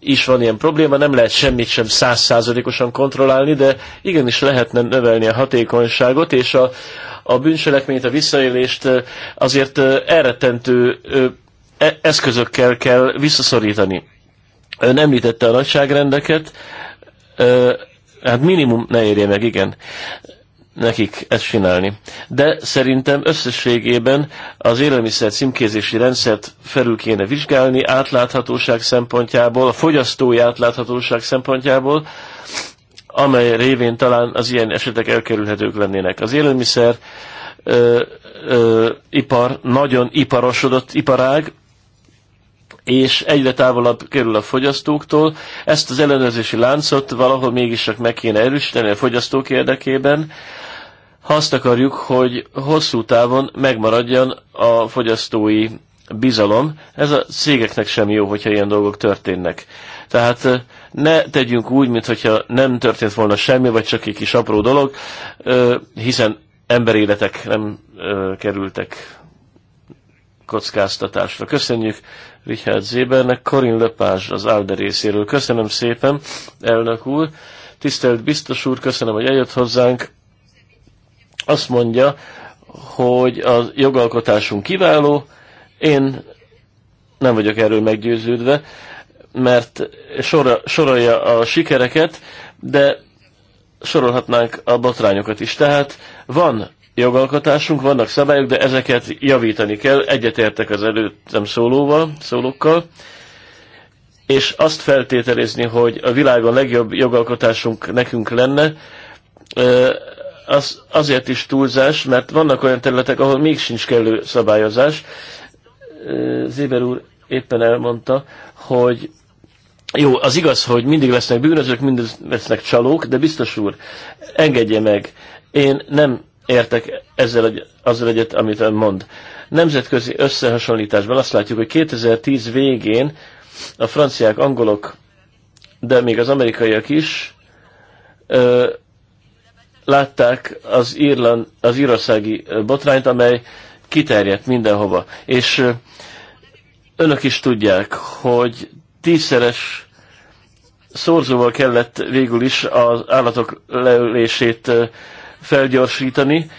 is van ilyen probléma, nem lehet semmit sem százszázalékosan kontrollálni, de igenis lehetne növelni a hatékonyságot, és a, a bűncselekményt, a visszaélést azért elrettentő e, eszközökkel kell visszaszorítani. Ön említette a nagyságrendeket, hát minimum ne érje meg, igen, nekik ezt csinálni. De szerintem összességében az élelmiszer címkézési rendszert felül kéne vizsgálni átláthatóság szempontjából, a fogyasztói átláthatóság szempontjából, amely révén talán az ilyen esetek elkerülhetők lennének. Az élelmiszer ö, ö, ipar nagyon iparosodott iparág, és egyre távolabb kerül a fogyasztóktól. Ezt az ellenőrzési láncot valahol mégis csak meg kéne erősíteni a fogyasztók érdekében, ha azt akarjuk, hogy hosszú távon megmaradjon a fogyasztói bizalom. Ez a cégeknek sem jó, hogyha ilyen dolgok történnek. Tehát ne tegyünk úgy, mintha nem történt volna semmi, vagy csak egy kis apró dolog, hiszen emberéletek nem kerültek kockáztatásra. Köszönjük Richard Zébernek, Corin Lepázs az Alde részéről. Köszönöm szépen, elnök úr. Tisztelt biztos úr, köszönöm, hogy eljött hozzánk. Azt mondja, hogy a jogalkotásunk kiváló, én nem vagyok erről meggyőződve, mert sora, sorolja a sikereket, de sorolhatnánk a botrányokat is. Tehát van jogalkotásunk, vannak szabályok, de ezeket javítani kell. Egyetértek az előttem szólóval, szólókkal, és azt feltételezni, hogy a világon legjobb jogalkotásunk nekünk lenne, az azért is túlzás, mert vannak olyan területek, ahol még sincs kellő szabályozás. Zéber úr éppen elmondta, hogy jó, az igaz, hogy mindig lesznek bűnözők, mindig lesznek csalók, de biztos úr, engedje meg, én nem értek ezzel, azzal egyet, amit ön mond. Nemzetközi összehasonlításban azt látjuk, hogy 2010 végén a franciák, angolok, de még az amerikaiak is ö, látták az, Irland, az írországi botrányt, amely kiterjedt mindenhova. És ö, önök is tudják, hogy tízszeres szorzóval kellett végül is az állatok leülését felgyorsítani,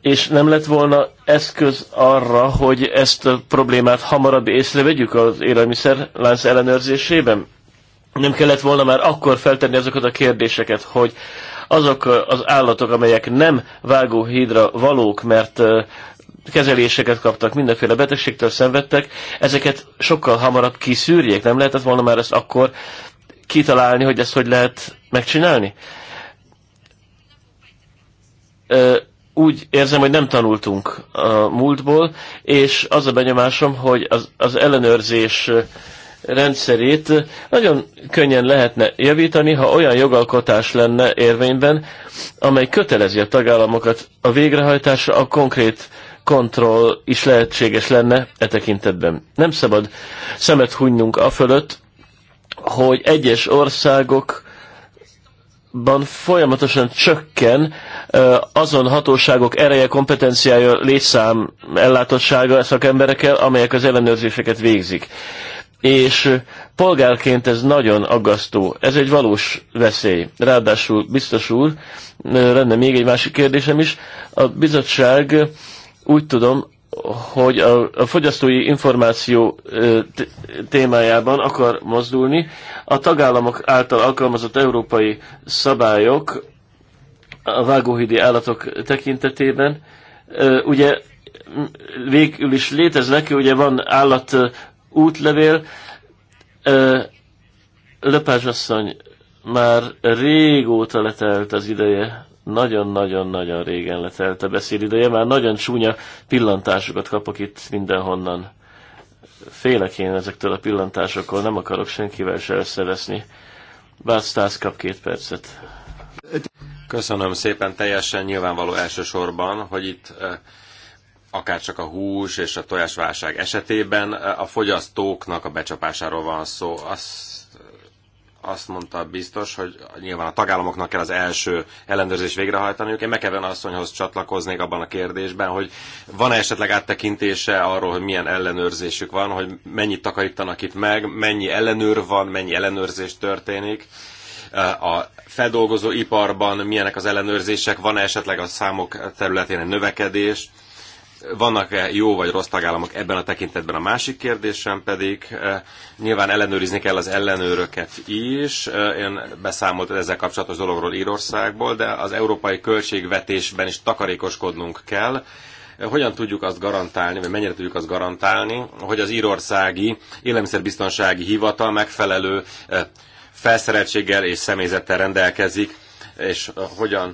és nem lett volna eszköz arra, hogy ezt a problémát hamarabb észrevegyük az élelmiszerlánc ellenőrzésében? Nem kellett volna már akkor feltenni azokat a kérdéseket, hogy azok az állatok, amelyek nem vágóhídra valók, mert kezeléseket kaptak, mindenféle betegségtől szenvedtek, ezeket sokkal hamarabb kiszűrjék, nem lehetett volna már ezt akkor kitalálni, hogy ezt hogy lehet megcsinálni? úgy érzem, hogy nem tanultunk a múltból, és az a benyomásom, hogy az, az ellenőrzés rendszerét nagyon könnyen lehetne javítani, ha olyan jogalkotás lenne érvényben, amely kötelezi a tagállamokat a végrehajtásra, a konkrét kontroll is lehetséges lenne e tekintetben. Nem szabad szemet hunynunk a fölött, hogy egyes országok ban folyamatosan csökken azon hatóságok ereje, kompetenciája, létszám, ellátottsága szakemberekkel, amelyek az ellenőrzéseket végzik. És polgárként ez nagyon aggasztó. Ez egy valós veszély. Ráadásul, biztos úr, lenne még egy másik kérdésem is. A bizottság úgy tudom, hogy a, a fogyasztói információ témájában akar mozdulni. A tagállamok által alkalmazott európai szabályok a vágóhidi állatok tekintetében ugye végül is léteznek, ugye van állat útlevél, Lepázs asszony, már régóta letelt az ideje nagyon-nagyon-nagyon régen letelt a beszédideje, már nagyon csúnya pillantásokat kapok itt mindenhonnan. Félek én ezektől a pillantásokkal, nem akarok senkivel se összeveszni. Bár Stász kap két percet. Köszönöm szépen, teljesen nyilvánvaló elsősorban, hogy itt eh, akár csak a hús és a tojásválság esetében eh, a fogyasztóknak a becsapásáról van szó. Azt azt mondta biztos, hogy nyilván a tagállamoknak kell az első ellenőrzés végrehajtaniuk. Én Mekeven asszonyhoz csatlakoznék abban a kérdésben, hogy van-e esetleg áttekintése arról, hogy milyen ellenőrzésük van, hogy mennyit takarítanak itt meg, mennyi ellenőr van, mennyi ellenőrzés történik a feldolgozó iparban milyenek az ellenőrzések, van -e esetleg a számok területén egy növekedés, vannak-e jó vagy rossz tagállamok ebben a tekintetben? A másik kérdésem pedig eh, nyilván ellenőrizni kell az ellenőröket is. Eh, én beszámolt ezzel kapcsolatos dologról Írországból, de az európai költségvetésben is takarékoskodnunk kell. Eh, hogyan tudjuk azt garantálni, vagy mennyire tudjuk azt garantálni, hogy az írországi élelmiszerbiztonsági hivatal megfelelő felszereltséggel és személyzettel rendelkezik, és hogyan,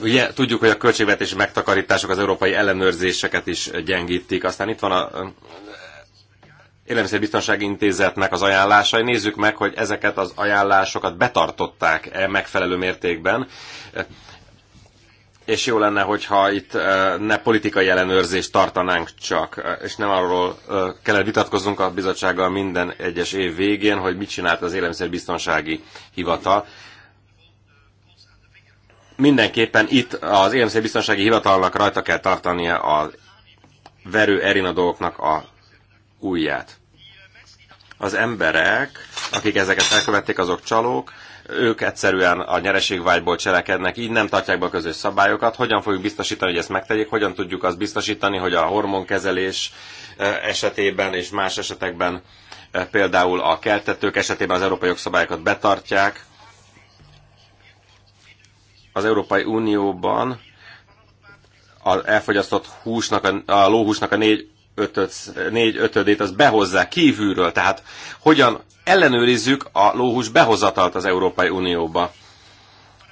ugye tudjuk, hogy a költségvetési megtakarítások az európai ellenőrzéseket is gyengítik. Aztán itt van a Élelmiszerbiztonsági Intézetnek az ajánlásai. Nézzük meg, hogy ezeket az ajánlásokat betartották-e megfelelő mértékben. És jó lenne, hogyha itt ne politikai ellenőrzést tartanánk csak, és nem arról kellett vitatkoznunk a bizottsággal minden egyes év végén, hogy mit csinált az Élelmiszerbiztonsági Hivatal mindenképpen itt az élelmiszerbiztonsági hivatalnak rajta kell tartania a verő erinadóknak a ujját. Az emberek, akik ezeket elkövették, azok csalók, ők egyszerűen a nyereségvágyból cselekednek, így nem tartják be a közös szabályokat. Hogyan fogjuk biztosítani, hogy ezt megtegyék? Hogyan tudjuk azt biztosítani, hogy a hormonkezelés eh, esetében és más esetekben, eh, például a keltetők esetében az európai jogszabályokat betartják? az Európai Unióban az elfogyasztott húsnak, a, lóhúsnak a négy, ötöd, négy ötödét az behozzá kívülről. Tehát hogyan ellenőrizzük a lóhús behozatalt az Európai Unióba?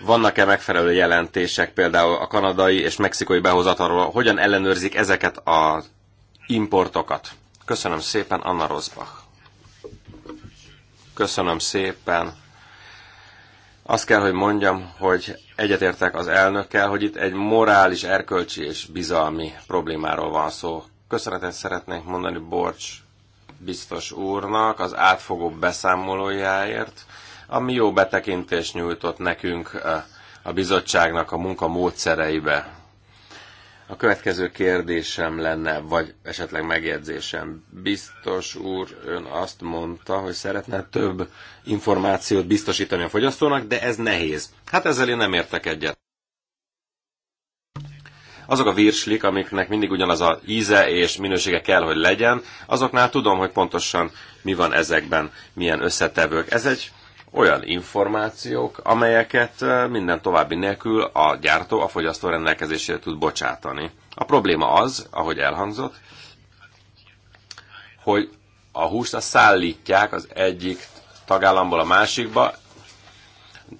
Vannak-e megfelelő jelentések például a kanadai és mexikai behozatalról? Hogyan ellenőrzik ezeket az importokat? Köszönöm szépen, Anna Rosbach. Köszönöm szépen. Azt kell, hogy mondjam, hogy egyetértek az elnökkel, hogy itt egy morális, erkölcsi és bizalmi problémáról van szó. Köszönetet szeretnék mondani Borcs biztos úrnak az átfogó beszámolójáért, ami jó betekintést nyújtott nekünk eh, a bizottságnak a munka módszereibe. A következő kérdésem lenne, vagy esetleg megjegyzésem. Biztos úr, ön azt mondta, hogy szeretne több információt biztosítani a fogyasztónak, de ez nehéz. Hát ezzel én nem értek egyet. Azok a virslik, amiknek mindig ugyanaz a íze és minősége kell, hogy legyen, azoknál tudom, hogy pontosan mi van ezekben, milyen összetevők. Ez egy olyan információk, amelyeket minden további nélkül a gyártó a fogyasztó rendelkezésére tud bocsátani. A probléma az, ahogy elhangzott, hogy a húst azt szállítják az egyik tagállamból a másikba,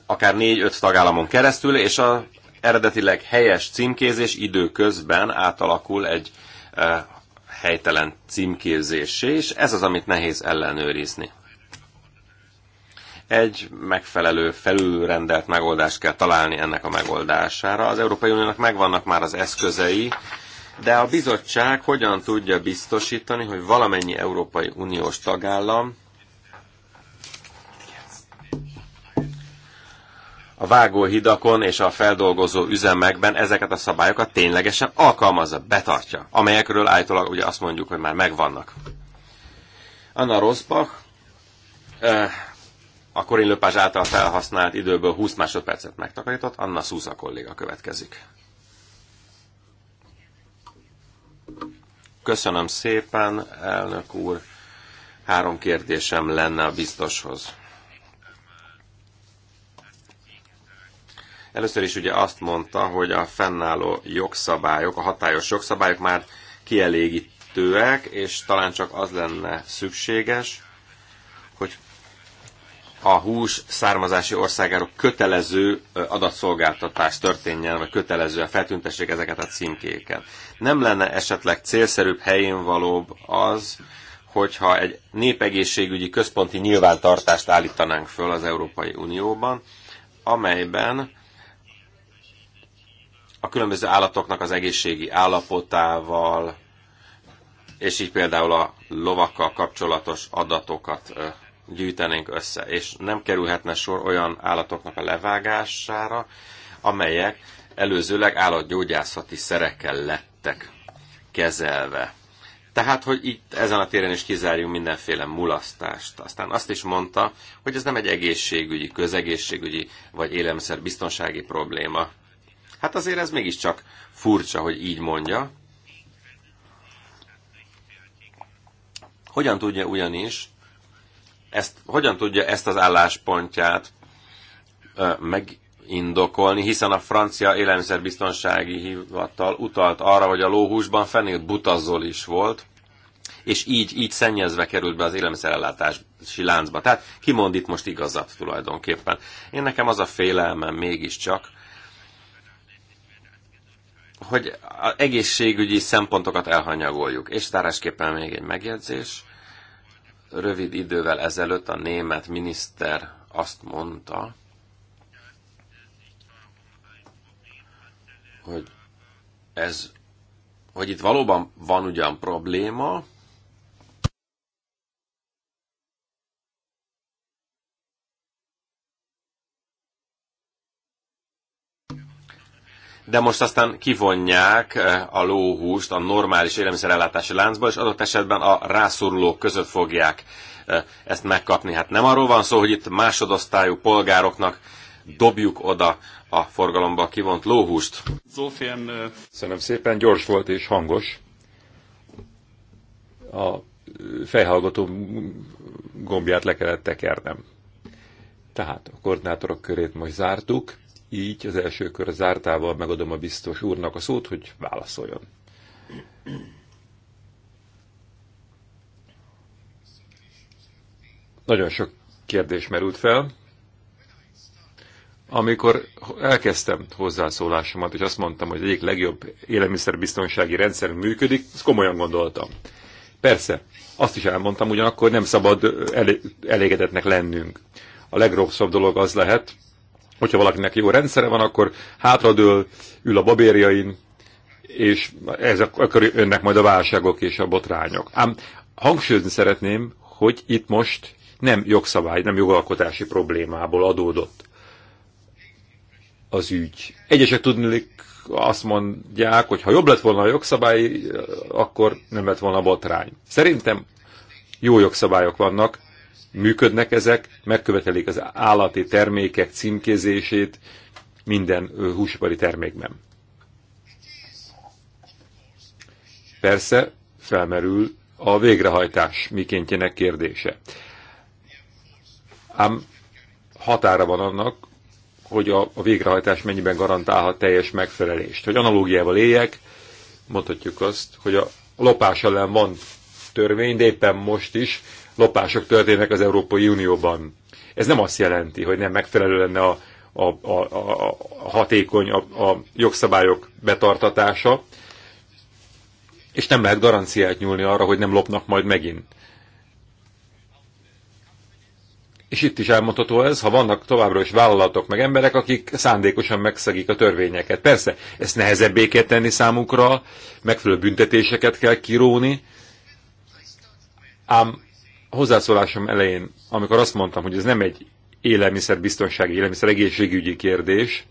akár négy-öt tagállamon keresztül, és a eredetileg helyes címkézés időközben átalakul egy e, helytelen címkézésé, és ez az, amit nehéz ellenőrizni egy megfelelő felülrendelt megoldást kell találni ennek a megoldására. Az Európai Uniónak megvannak már az eszközei, de a bizottság hogyan tudja biztosítani, hogy valamennyi Európai Uniós tagállam a vágóhidakon és a feldolgozó üzemekben ezeket a szabályokat ténylegesen alkalmazza, betartja, amelyekről állítólag ugye azt mondjuk, hogy már megvannak. Anna Rosbach eh, a Corinne Lepage által felhasznált időből 20 másodpercet megtakarított, Anna Szúza kolléga következik. Köszönöm szépen, elnök úr. Három kérdésem lenne a biztoshoz. Először is ugye azt mondta, hogy a fennálló jogszabályok, a hatályos jogszabályok már kielégítőek, és talán csak az lenne szükséges, hogy a hús származási országáról kötelező adatszolgáltatás történjen, vagy a feltüntessék ezeket a címkéket. Nem lenne esetleg célszerűbb, helyén valóbb az, hogyha egy népegészségügyi központi nyilvántartást állítanánk föl az Európai Unióban, amelyben a különböző állatoknak az egészségi állapotával, és így például a lovakkal kapcsolatos adatokat gyűjtenénk össze, és nem kerülhetne sor olyan állatoknak a levágására, amelyek előzőleg állatgyógyászati szerekkel lettek kezelve. Tehát, hogy itt ezen a téren is kizárjunk mindenféle mulasztást. Aztán azt is mondta, hogy ez nem egy egészségügyi, közegészségügyi vagy élelmiszerbiztonsági probléma. Hát azért ez mégiscsak furcsa, hogy így mondja. Hogyan tudja ugyanis ezt, hogyan tudja ezt az álláspontját megindokolni, hiszen a francia élelmiszerbiztonsági hivatal utalt arra, hogy a lóhúsban fenél butazol is volt, és így, így szennyezve került be az élelmiszerellátási láncba. Tehát kimond itt most igazat tulajdonképpen. Én nekem az a félelmem mégiscsak, hogy az egészségügyi szempontokat elhanyagoljuk. És tárásképpen még egy megjegyzés rövid idővel ezelőtt a német miniszter azt mondta, hogy ez, hogy itt valóban van ugyan probléma, de most aztán kivonják eh, a lóhúst a normális élelmiszerellátási láncból, és adott esetben a rászorulók között fogják eh, ezt megkapni. Hát nem arról van szó, hogy itt másodosztályú polgároknak dobjuk oda a forgalomba kivont lóhúst. Zofén... Eh, Szerintem szépen gyors volt és hangos. A fejhallgató gombját le kellett tekernem. Tehát a koordinátorok körét most zártuk. Így az első kör zártával megadom a biztos úrnak a szót, hogy válaszoljon. Nagyon sok kérdés merült fel. Amikor elkezdtem hozzászólásomat, és azt mondtam, hogy egyik legjobb élelmiszerbiztonsági rendszer működik, ezt komolyan gondoltam. Persze, azt is elmondtam, ugyanakkor nem szabad elégedetnek lennünk. A legrosszabb dolog az lehet, Hogyha valakinek jó rendszere van, akkor hátradől, ül a babérjain, és ezek akkor önnek majd a válságok és a botrányok. Ám hangsúlyozni szeretném, hogy itt most nem jogszabály, nem jogalkotási problémából adódott az ügy. Egyesek tudnék azt mondják, hogy ha jobb lett volna a jogszabály, akkor nem lett volna botrány. Szerintem jó jogszabályok vannak, működnek ezek, megkövetelik az állati termékek címkézését minden húsipari termékben. Persze felmerül a végrehajtás mikéntjének kérdése. Ám határa van annak, hogy a, végrehajtás mennyiben garantálhat teljes megfelelést. Hogy analógiával éljek, mondhatjuk azt, hogy a lopás ellen van törvény, de éppen most is lopások történnek az Európai Unióban. Ez nem azt jelenti, hogy nem megfelelő lenne a, a, a, a hatékony a, a jogszabályok betartatása, és nem lehet garanciát nyúlni arra, hogy nem lopnak majd megint. És itt is elmondható ez, ha vannak továbbra is vállalatok meg emberek, akik szándékosan megszegik a törvényeket. Persze, ezt nehezebbé kell tenni számukra, megfelelő büntetéseket kell kiróni, ám hozzászólásom elején, amikor azt mondtam, hogy ez nem egy élelmiszerbiztonsági, egészségügyi kérdés,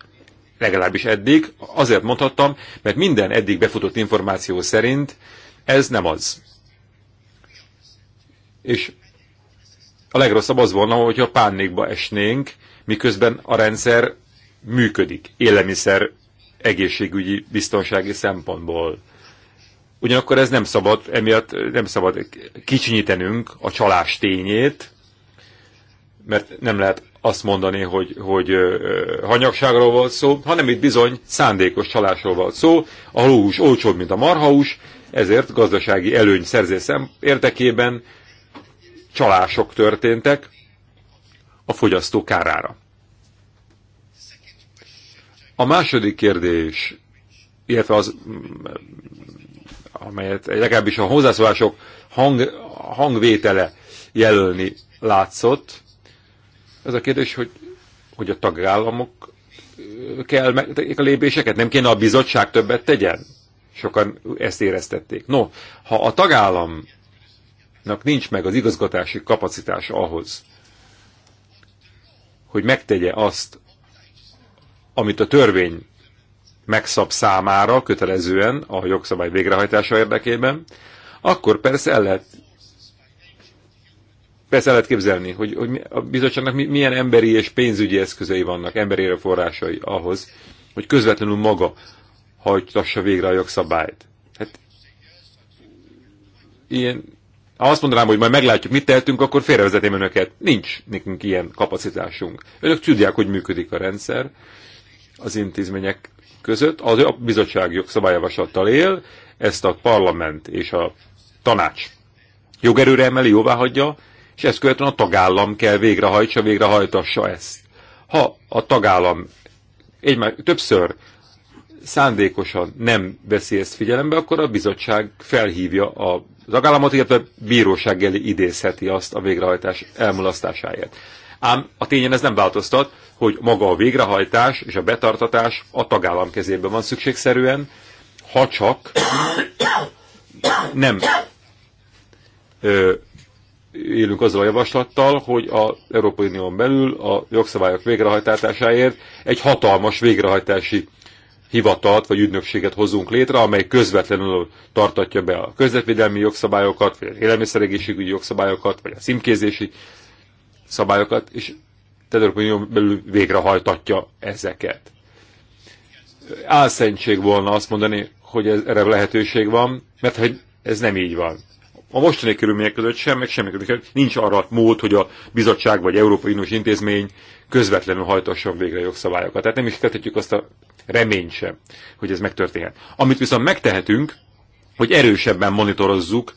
legalábbis eddig, azért mondhattam, mert minden eddig befutott információ szerint ez nem az. És a legrosszabb az volna, hogyha pánikba esnénk, miközben a rendszer működik élelmiszer egészségügyi biztonsági szempontból. Ugyanakkor ez nem szabad, emiatt eh, nem szabad kicsinyítenünk a csalás tényét, mert nem lehet azt mondani, hogy, hogy hanyagságról volt szó, hanem itt bizony szándékos csalásról volt szó. A hús olcsóbb, mint a marhahús, ezért gazdasági előny szerzés érdekében csalások történtek a fogyasztó kárára. A második kérdés, illetve az amelyet legalábbis a hozzászólások hang, hangvétele jelölni látszott. Ez a kérdés, hogy, hogy a tagállamok kell megtegyék a lépéseket, nem kéne a bizottság többet tegyen? Sokan ezt éreztették. No, ha a tagállamnak nincs meg az igazgatási kapacitása ahhoz, hogy megtegye azt, amit a törvény megszab számára kötelezően a jogszabály végrehajtása érdekében, akkor persze el lehet, persze el lehet képzelni, hogy, hogy a bizottságnak milyen emberi és pénzügyi eszközei vannak, emberi forrásai ahhoz, hogy közvetlenül maga hajtassa végre a jogszabályt. Hát, ilyen, ha azt mondanám, hogy majd meglátjuk, mit tehetünk, akkor félrevezetném önöket. Nincs nekünk ilyen kapacitásunk. Önök tudják, hogy működik a rendszer, az intézmények között. Az a bizottság jogszabályjavaslattal él, ezt a parlament és a tanács jogerőre emeli, jóvá hagyja, és ezt követően a tagállam kell végrehajtsa, végrehajtassa ezt. Ha a tagállam egymás, többször szándékosan nem veszi ezt figyelembe, akkor a bizottság felhívja a tagállamot, illetve bíróság elé idézheti azt a végrehajtás elmulasztásáért. Ám a tényen ez nem változtat, hogy maga a végrehajtás és a betartatás a tagállam kezében van szükségszerűen, ha csak nem ö, élünk azzal a javaslattal, hogy az Európai Unión belül a jogszabályok végrehajtásáért egy hatalmas végrehajtási hivatalt vagy ügynökséget hozunk létre, amely közvetlenül tartatja be a közvetvédelmi jogszabályokat, vagy az élelmiszeregészségügyi jogszabályokat, vagy a szimkézési szabályokat, és Európai Unión belül végrehajtatja ezeket. Álszentség volna azt mondani, hogy ez, erre lehetőség van, mert hogy ez nem így van. A mostani körülmények között sem, meg semmi között nincs arra mód, hogy a bizottság vagy Európai Uniós intézmény közvetlenül hajtasson végre jogszabályokat. Tehát nem is tethetjük azt a reményt sem, hogy ez megtörténhet. Amit viszont megtehetünk, hogy erősebben monitorozzuk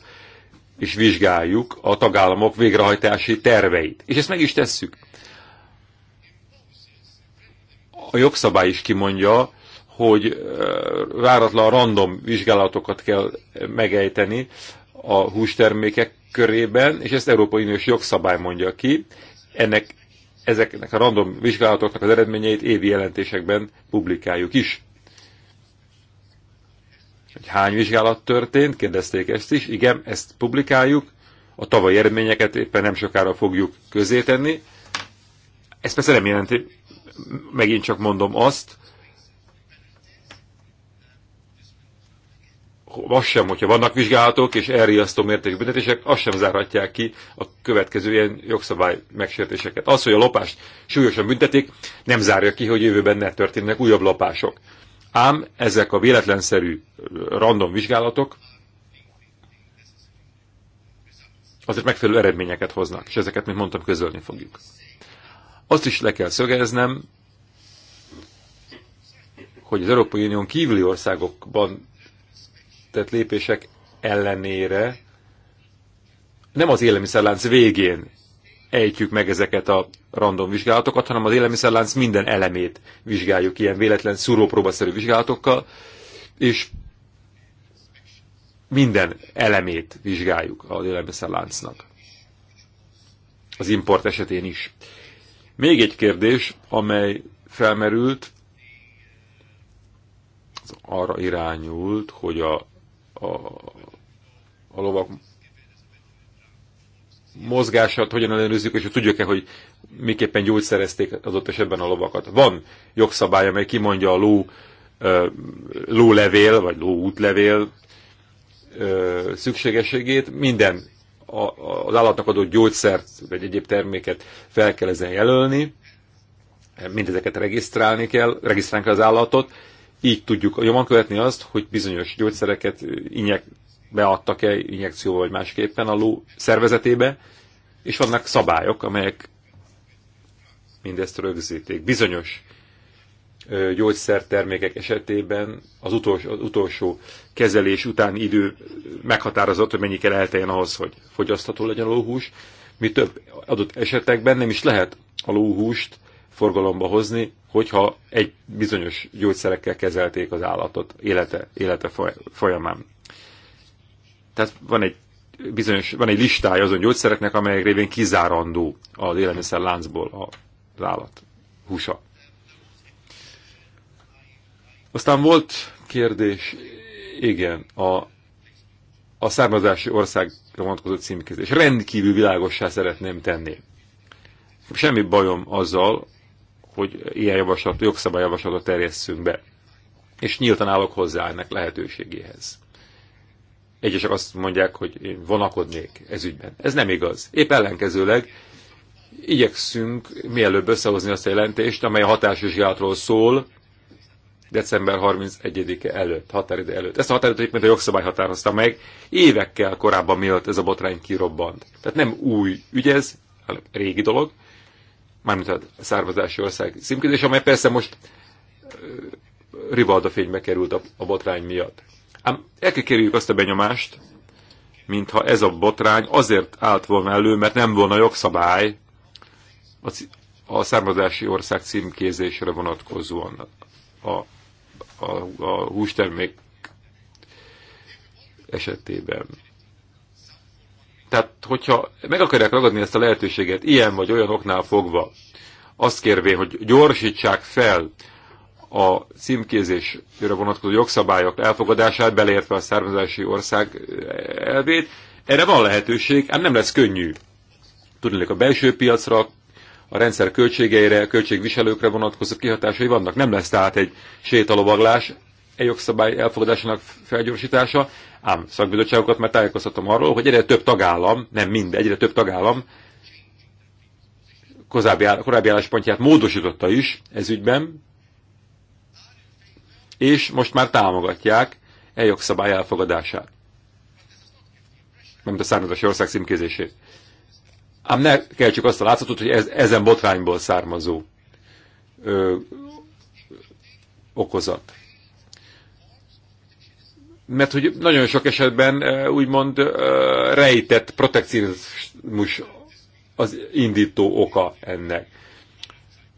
és vizsgáljuk a tagállamok végrehajtási terveit. És ezt meg is tesszük a jogszabály is kimondja, hogy váratlan random vizsgálatokat kell megejteni a hústermékek körében, és ezt Európai Uniós jogszabály mondja ki. Ennek, ezeknek a random vizsgálatoknak az eredményeit évi jelentésekben publikáljuk is. Hogy hány vizsgálat történt, kérdezték ezt is. Igen, ezt publikáljuk. A tavalyi eredményeket éppen nem sokára fogjuk közétenni. Ez persze nem jelenti, megint csak mondom azt, az sem, hogyha vannak vizsgálatok és elriasztó mértékű büntetések, azt sem zárhatják ki a következő ilyen jogszabály megsértéseket. Az, hogy a lopást súlyosan büntetik, nem zárja ki, hogy jövőben ne történnek újabb lopások. Ám ezek a véletlenszerű random vizsgálatok azért megfelelő eredményeket hoznak, és ezeket, mint mondtam, közölni fogjuk. Azt is le kell szögeznem, hogy az Európai Unión kívüli országokban tett lépések ellenére nem az élelmiszerlánc végén ejtjük meg ezeket a random vizsgálatokat, hanem az élelmiszerlánc minden elemét vizsgáljuk ilyen véletlen szúrópróbaszerű vizsgálatokkal, és minden elemét vizsgáljuk az élelmiszerláncnak. Az import esetén is. Még egy kérdés, amely felmerült, az arra irányult, hogy a, a, a lovak mozgását hogyan ellenőrizzük, és hogy tudjuk-e, hogy miképpen gyógyszerezték ott esetben a lovakat. Van jogszabály, amely kimondja a ló, lólevél, vagy lóútlevél szükségességét. Minden az állatnak adott gyógyszert vagy egyéb terméket fel kell ezen jelölni, mindezeket regisztrálni kell, regisztrálni kell az állatot, így tudjuk jobban követni azt, hogy bizonyos gyógyszereket injek, beadtak-e injekcióval vagy másképpen a ló szervezetébe, és vannak szabályok, amelyek mindezt rögzítik. Bizonyos gyógyszertermékek esetében az utolsó, az utolsó kezelés után idő meghatározott, hogy mennyi kell elteljen ahhoz, hogy fogyasztható legyen a lóhús. Mi több adott esetekben nem is lehet a lóhúst forgalomba hozni, hogyha egy bizonyos gyógyszerekkel kezelték az állatot élete, élete folyamán. Tehát van egy bizonyos, van egy listája azon gyógyszereknek, amelyek révén kizárandó az élelmiszer láncból az állat húsa. Aztán volt kérdés, igen, a, a származási országra vonatkozó címkézés. Rendkívül világossá szeretném tenni. Semmi bajom azzal, hogy ilyen javaslat, jogszabályjavaslatot terjesszünk be. És nyíltan állok hozzá ennek lehetőségéhez. Egyesek azt mondják, hogy én vonakodnék ez ügyben. Ez nem igaz. Épp ellenkezőleg igyekszünk mielőbb összehozni azt a jelentést, amely a hatásvizsgálatról szól, december 31-e előtt, határidő előtt. Ezt a határidőt egyébként a jogszabály határozta meg évekkel korábban, mielőtt ez a botrány kirobbant. Tehát nem új ügy ez, hanem régi dolog, mármint a származási ország szimkézés, amely persze most rivalda fénybe került a, a botrány miatt. Ám el kell kerüljük azt a benyomást, mintha ez a botrány azért állt volna elő, mert nem volna jogszabály a, a származási ország címkézésre vonatkozóan a a, a hústermék esetében. Tehát, hogyha meg akarják ragadni ezt a lehetőséget, ilyen vagy olyan oknál fogva, azt kérvé, hogy gyorsítsák fel a címkézésre vonatkozó jogszabályok elfogadását, beleértve a származási ország elvét, erre van lehetőség, ám nem lesz könnyű. Tudnék a belső piacra a rendszer költségeire, költségviselőkre vonatkozó kihatásai vannak. Nem lesz tehát egy sétalovaglás, egy jogszabály elfogadásának felgyorsítása, ám szakbizottságokat már tájékoztatom arról, hogy egyre több tagállam, nem mind, egyre több tagállam korábbi álláspontját módosította is ez ügyben, és most már támogatják e jogszabály elfogadását. Nem a származási ország címkézését. Ám ne keltsük azt a látszatot, hogy ez, ezen botrányból származó ö, okozat. Mert hogy nagyon sok esetben úgymond rejtett protekcionizmus az indító oka ennek.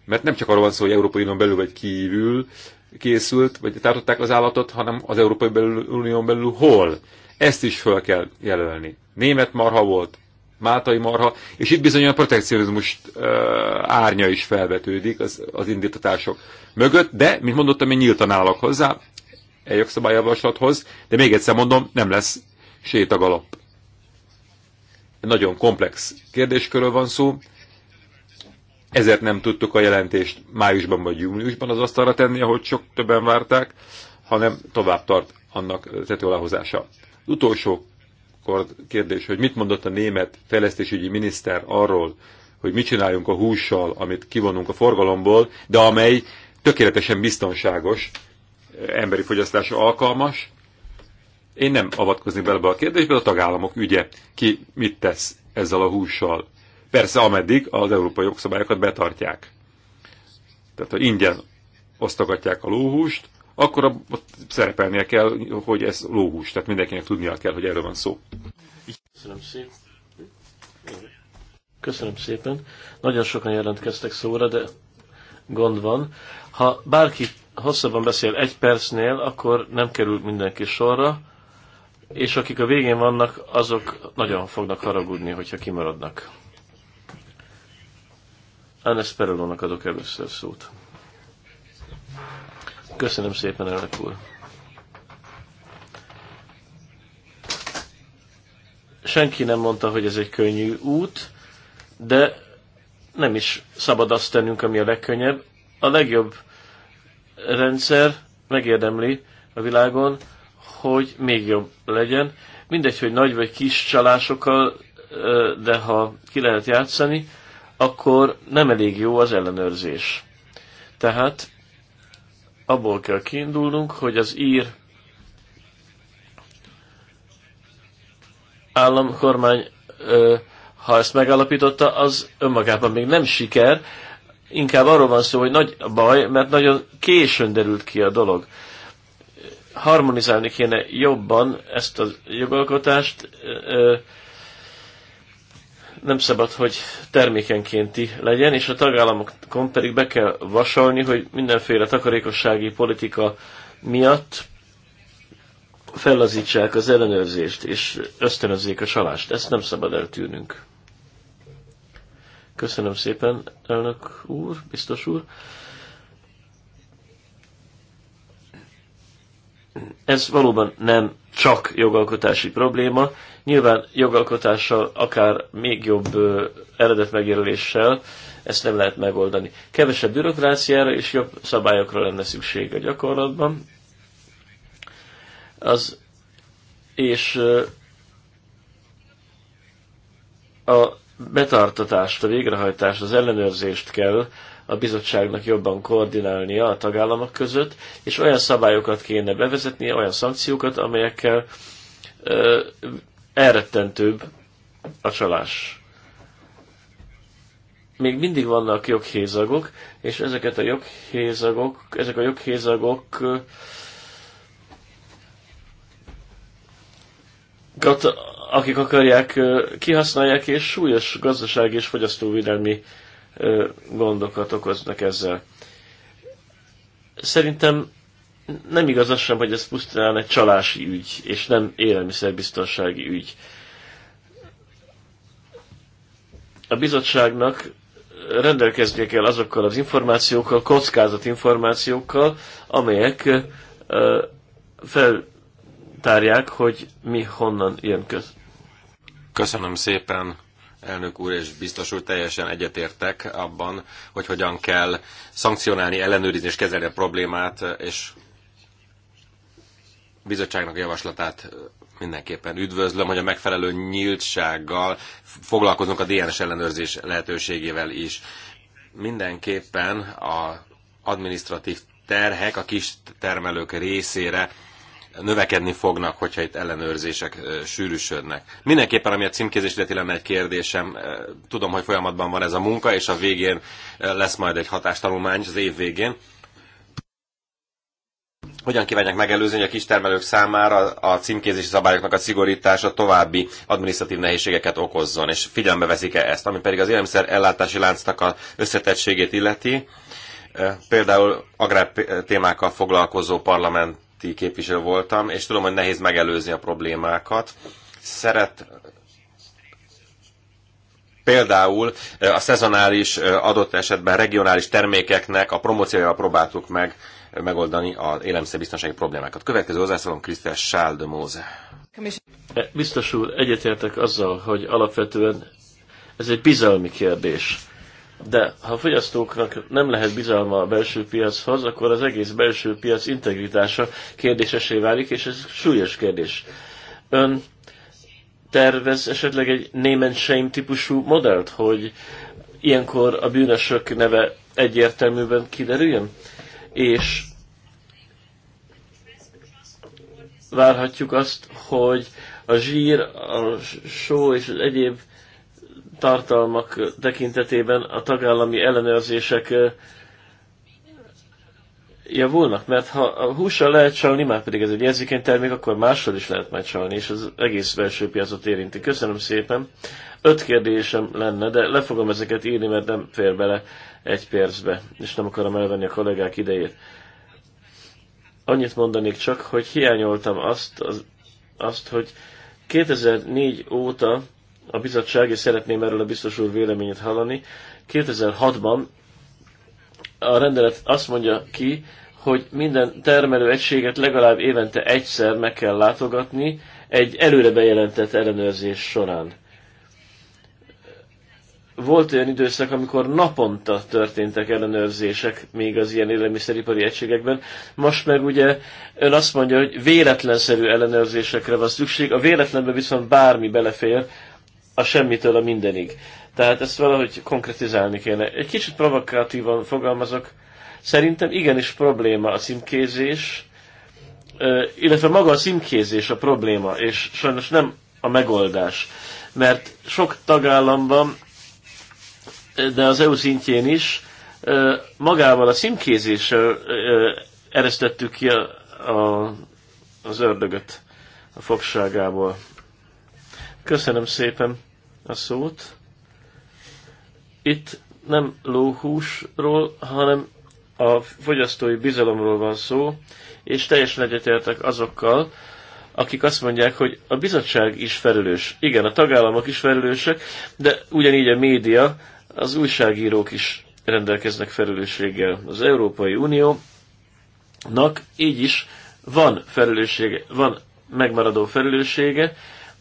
Mert nem csak arról van szó, hogy Európai Unión belül vagy kívül készült, vagy tartották az állatot, hanem az Európai belül, Unión belül hol. Ezt is föl kell jelölni. Német marha volt, Mátai marha, és itt bizony a protekcionizmus árnya is felvetődik az, az indítatások mögött, de, mint mondottam, én nyíltan állok hozzá egy jogszabályjavaslathoz, de még egyszer mondom, nem lesz sétagalap. Nagyon komplex kérdéskörről van szó, ezért nem tudtuk a jelentést májusban vagy júniusban az asztalra tenni, ahogy sok többen várták, hanem tovább tart annak tető aláhozása. Utolsó kérdés, hogy mit mondott a német fejlesztésügyi miniszter arról, hogy mit csináljunk a hússal, amit kivonunk a forgalomból, de amely tökéletesen biztonságos, emberi fogyasztása alkalmas. Én nem avatkozni bele be a kérdésbe, a tagállamok ügye, ki mit tesz ezzel a hússal. Persze, ameddig az európai jogszabályokat betartják. Tehát, ha ingyen osztogatják a lóhúst, akkor ott szerepelnie kell, hogy ez lóhús, tehát mindenkinek tudnia kell, hogy erről van szó. Köszönöm szépen. Köszönöm szépen. Nagyon sokan jelentkeztek szóra, de gond van. Ha bárki hosszabban beszél egy percnél, akkor nem kerül mindenki sorra, és akik a végén vannak, azok nagyon fognak haragudni, hogyha kimaradnak. Anne Perelónak adok először szót. Köszönöm szépen, elnök úr. Senki nem mondta, hogy ez egy könnyű út, de nem is szabad azt tennünk, ami a legkönnyebb. A legjobb rendszer megérdemli a világon, hogy még jobb legyen. Mindegy, hogy nagy vagy kis csalásokkal, de ha ki lehet játszani, akkor nem elég jó az ellenőrzés. Tehát abból kell kiindulnunk, hogy az ír államkormány, ha ezt megállapította, az önmagában még nem siker, inkább arról van szó, hogy nagy baj, mert nagyon későn derült ki a dolog. Harmonizálni kéne jobban ezt a jogalkotást, nem szabad, hogy termékenkénti legyen, és a tagállamokon pedig be kell vasalni, hogy mindenféle takarékossági politika miatt fellazítsák az ellenőrzést, és ösztönözzék a csalást. Ezt nem szabad eltűnünk. Köszönöm szépen, elnök úr, biztos úr. ez valóban nem csak jogalkotási probléma. Nyilván jogalkotással, akár még jobb eredet megjelöléssel ezt nem lehet megoldani. Kevesebb bürokráciára és jobb szabályokra lenne szükség a gyakorlatban. Az, és a betartatást, a végrehajtást, az ellenőrzést kell a bizottságnak jobban koordinálnia a tagállamok között, és olyan szabályokat kéne bevezetnie, olyan szankciókat, amelyekkel elrettentőbb a csalás. Még mindig vannak joghézagok, és ezeket a joghézagok, ezek a joghézagok akik akarják, kihasználják, és súlyos gazdasági és fogyasztóvédelmi gondokat okoznak ezzel. Szerintem nem igaz az sem, hogy ez pusztán egy csalási ügy, és nem élelmiszerbiztonsági ügy. A bizottságnak rendelkeznie kell azokkal az információkkal, információkkal, amelyek feltárják, hogy mi honnan jön köz. Köszönöm szépen elnök úr és biztos úr, teljesen egyetértek abban, hogy hogyan kell szankcionálni, ellenőrizni és kezelni a problémát, és bizottságnak javaslatát mindenképpen üdvözlöm, hogy a megfelelő nyíltsággal foglalkozunk a DNS ellenőrzés lehetőségével is. Mindenképpen a administratív terhek a kis termelők részére növekedni fognak, hogyha itt ellenőrzések sűrűsödnek. Mindenképpen, ami a címkézés illeti lenne egy kérdésem, tudom, hogy folyamatban van ez a munka, és a végén lesz majd egy hatástanulmány az év végén. Hogyan kívánják megelőzni, hogy a kistermelők számára a címkézési szabályoknak a szigorítása további adminisztratív nehézségeket okozzon, és figyelembe veszik-e ezt, ami pedig az élelmiszer ellátási láncnak a összetettségét illeti. Például agrár témákkal foglalkozó parlament parlamenti képviselő voltam, és tudom, hogy nehéz megelőzni a problémákat. Szeret, például eh, a szezonális eh, adott esetben regionális termékeknek a promóciójával próbáltuk meg eh, megoldani az élelmiszerbiztonsági problémákat. Következő hozzászólom Krisztel Sáldemóze. Biztos úr, egyetértek azzal, hogy alapvetően ez egy bizalmi kérdés. De ha a fogyasztóknak nem lehet bizalma a belső piachoz, akkor az egész belső piac integritása kérdésesé válik, és ez súlyos kérdés. Ön tervez esetleg egy name and shame típusú modellt, hogy ilyenkor a bűnösök neve egyértelműben kiderüljön? És várhatjuk azt, hogy a zsír, a só és az egyéb tartalmak tekintetében a tagállami ellenőrzések javulnak, mert ha a hússal lehet csalni, már pedig ez egy érzékeny termék, akkor máshol is lehet majd csalni, és az egész belső piacot érinti. Köszönöm szépen. Öt kérdésem lenne, de le fogom ezeket írni, mert nem fér bele egy percbe, és nem akarom elvenni a kollégák idejét. Annyit mondanék csak, hogy hiányoltam azt, az, azt hogy 2004 óta a bizottság, és szeretném erről a biztos úr véleményét hallani, 2006-ban a rendelet azt mondja ki, hogy minden termelő egységet legalább évente egyszer meg kell látogatni egy előre bejelentett ellenőrzés során. Volt olyan időszak, amikor naponta történtek ellenőrzések még az ilyen élelmiszeripari egységekben. Most meg ugye ön azt mondja, hogy véletlenszerű ellenőrzésekre van szükség, a véletlenbe viszont bármi belefér, a semmitől a mindenig. Tehát ezt valahogy konkretizálni kéne. Egy kicsit provokatívan fogalmazok. Szerintem igenis probléma a szimkézés, illetve maga a szimkézés a probléma, és sajnos nem a megoldás. Mert sok tagállamban, de az EU szintjén is magával a szimkézéssel eresztettük ki a, a, az ördögöt a fogságából. Köszönöm szépen! a szót. Itt nem lóhúsról, hanem a fogyasztói bizalomról van szó, és teljesen egyetértek azokkal, akik azt mondják, hogy a bizottság is felelős. Igen, a tagállamok is felelősek, de ugyanígy a média, az újságírók is rendelkeznek felelősséggel. Az Európai Uniónak így is van felelőssége, van megmaradó felelőssége,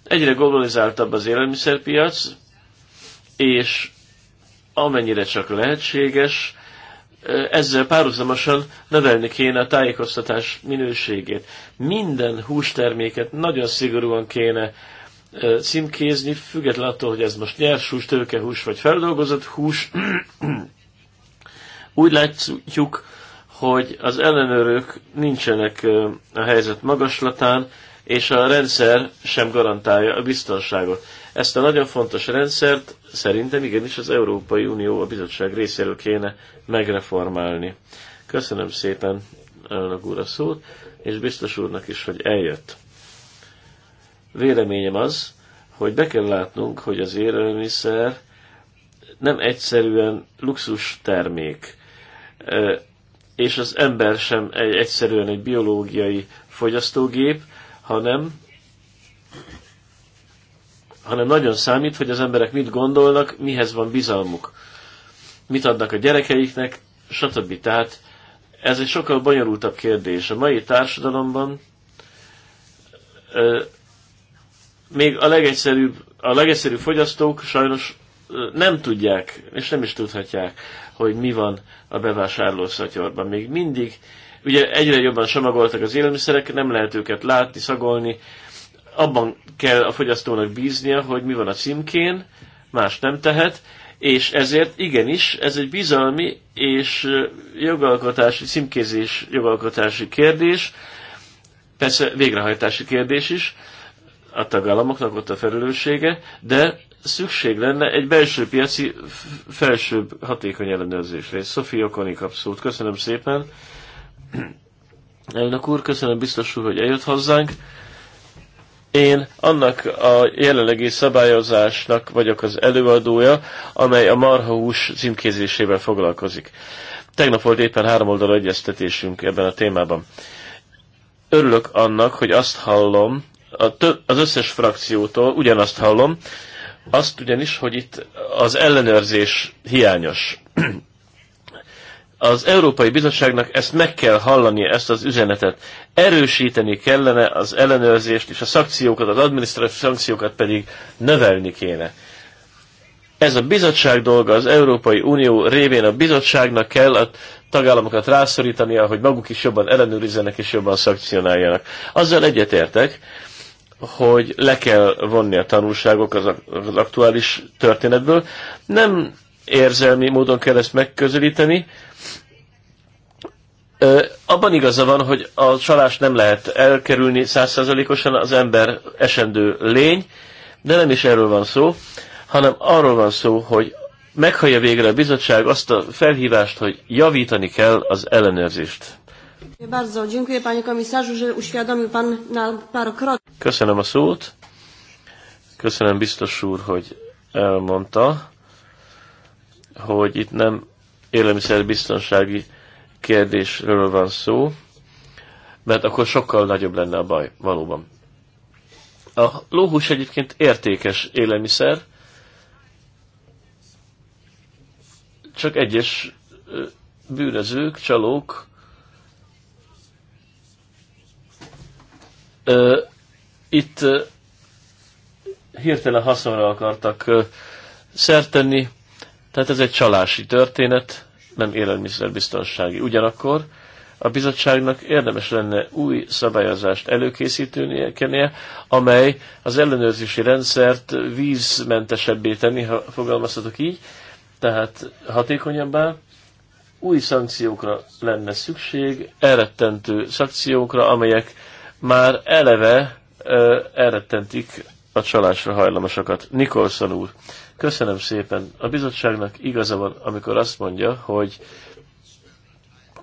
Egyre globalizáltabb az élelmiszerpiac, és amennyire csak lehetséges, ezzel párhuzamosan növelni kéne a tájékoztatás minőségét. Minden hústerméket nagyon szigorúan kéne címkézni, független attól, hogy ez most nyers hús, tőkehús vagy feldolgozott hús. Úgy látjuk, hogy az ellenőrök nincsenek a helyzet magaslatán, és a rendszer sem garantálja a biztonságot. Ezt a nagyon fontos rendszert szerintem igenis az Európai Unió a bizottság részéről kéne megreformálni. Köszönöm szépen elnök úr a szót, és biztos úrnak is, hogy eljött. Véleményem az, hogy be kell látnunk, hogy az élelmiszer nem egyszerűen luxus termék, és az ember sem egy, egyszerűen egy biológiai fogyasztógép, hanem, hanem nagyon számít, hogy az emberek mit gondolnak, mihez van bizalmuk, mit adnak a gyerekeiknek, stb. Tehát ez egy sokkal bonyolultabb kérdés. A mai társadalomban ö, még a legegyszerűbb, a legegyszerűbb fogyasztók sajnos nem tudják, és nem is tudhatják, hogy mi van a szatyorban. Még mindig Ugye egyre jobban csomagoltak az élelmiszerek, nem lehet őket látni, szagolni. Abban kell a fogyasztónak bíznia, hogy mi van a címkén, más nem tehet, és ezért igenis ez egy bizalmi és jogalkotási, címkézés jogalkotási kérdés, persze végrehajtási kérdés is, a tagállamoknak ott a felelőssége, de szükség lenne egy belső piaci felsőbb hatékony ellenőrzésre. Szofi konik abszolút Köszönöm szépen. Elnök úr, köszönöm biztos úr, hogy eljött hozzánk. Én annak a jelenlegi szabályozásnak vagyok az előadója, amely a marhahús címkézésével foglalkozik. Tegnap volt éppen oldal egyeztetésünk ebben a témában. Örülök annak, hogy azt hallom, a tö- az összes frakciótól ugyanazt hallom, azt ugyanis, hogy itt az ellenőrzés hiányos. az Európai Bizottságnak ezt meg kell hallani, ezt az üzenetet. Erősíteni kellene az ellenőrzést, és a szakciókat, az adminisztratív szankciókat pedig növelni kéne. Ez a bizottság dolga, az Európai Unió révén a bizottságnak kell a tagállamokat rászorítania, hogy maguk is jobban ellenőrizzenek és jobban szankcionáljanak. Azzal egyetértek, hogy le kell vonni a tanulságok az aktuális történetből. Nem érzelmi módon kell ezt megközelíteni. Abban igaza van, hogy a csalást nem lehet elkerülni százszerzalékosan, az ember esendő lény, de nem is erről van szó, hanem arról van szó, hogy meghallja végre a bizottság azt a felhívást, hogy javítani kell az ellenőrzést. Köszönöm a szót. Köszönöm biztos úr, hogy elmondta hogy itt nem élelmiszerbiztonsági kérdésről van szó, mert akkor sokkal nagyobb lenne a baj, valóban. A lóhús egyébként értékes élelmiszer, csak egyes bűnözők, csalók itt hirtelen haszonra akartak szertenni tehát ez egy csalási történet, nem élelmiszerbiztonsági. Ugyanakkor a bizottságnak érdemes lenne új szabályozást előkészítenie, amely az ellenőrzési rendszert vízmentesebbé tenni, ha fogalmazhatok így, tehát hatékonyabbá, új szankciókra lenne szükség, elrettentő szankciókra, amelyek már eleve elrettentik a csalásra hajlamosokat. Nikolson úr, Köszönöm szépen. A bizottságnak igaza van, amikor azt mondja, hogy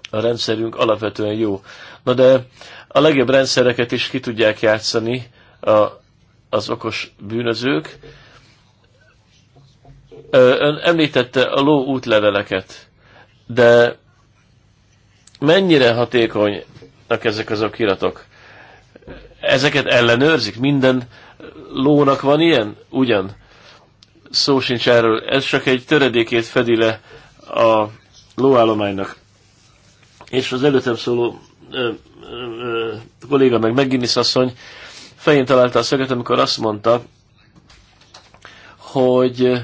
a rendszerünk alapvetően jó. Na de a legjobb rendszereket is ki tudják játszani a, az okos bűnözők. Ön említette a ló útleveleket, de mennyire hatékonyak ezek az okiratok? Ezeket ellenőrzik? Minden lónak van ilyen? Ugyan? szó sincs erről. Ez csak egy töredékét fedi le a lóállománynak. És az előttem szóló ö, ö, ö, kolléga, meg McGinnis asszony fején találta a szöget, amikor azt mondta, hogy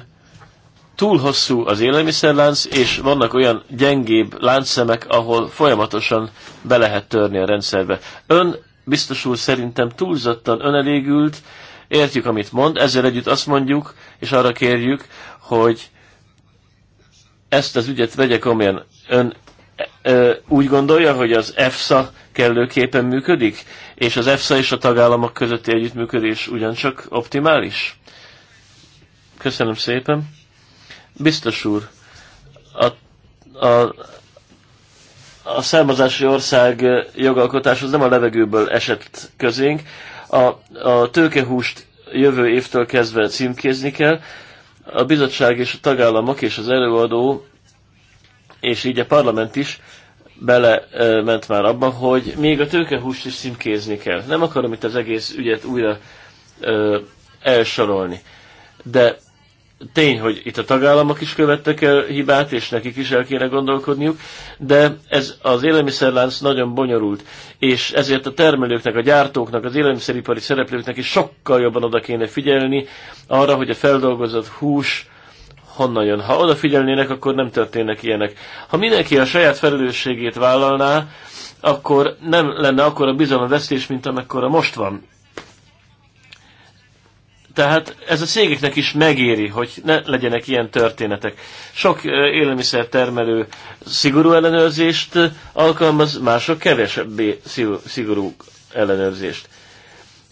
túl hosszú az élelmiszerlánc, és vannak olyan gyengébb láncszemek, ahol folyamatosan be lehet törni a rendszerbe. Ön biztosul szerintem túlzottan önelégült, Értjük, amit mond, ezzel együtt azt mondjuk, és arra kérjük, hogy ezt az ügyet vegye komolyan. Ön ö, úgy gondolja, hogy az EFSA kellőképpen működik, és az EFSA és a tagállamok közötti együttműködés ugyancsak optimális? Köszönöm szépen. Biztos úr, a, a, a származási ország jogalkotáshoz nem a levegőből esett közénk, a, a tőkehúst jövő évtől kezdve címkézni kell. A bizottság és a tagállamok és az előadó, és így a parlament is bele ment már abba, hogy még a tőkehúst is címkézni kell. Nem akarom itt az egész ügyet újra ö, elsorolni. De tény, hogy itt a tagállamok is követtek el hibát, és nekik is el kéne gondolkodniuk, de ez az élelmiszerlánc nagyon bonyolult, és ezért a termelőknek, a gyártóknak, az élelmiszeripari szereplőknek is sokkal jobban oda kéne figyelni arra, hogy a feldolgozott hús honnan jön. Ha odafigyelnének, akkor nem történnek ilyenek. Ha mindenki a saját felelősségét vállalná, akkor nem lenne akkor akkora bizalomvesztés, mint amekkora most van tehát ez a cégeknek is megéri, hogy ne legyenek ilyen történetek. Sok élelmiszertermelő szigorú ellenőrzést alkalmaz, mások kevesebbé szigorú ellenőrzést.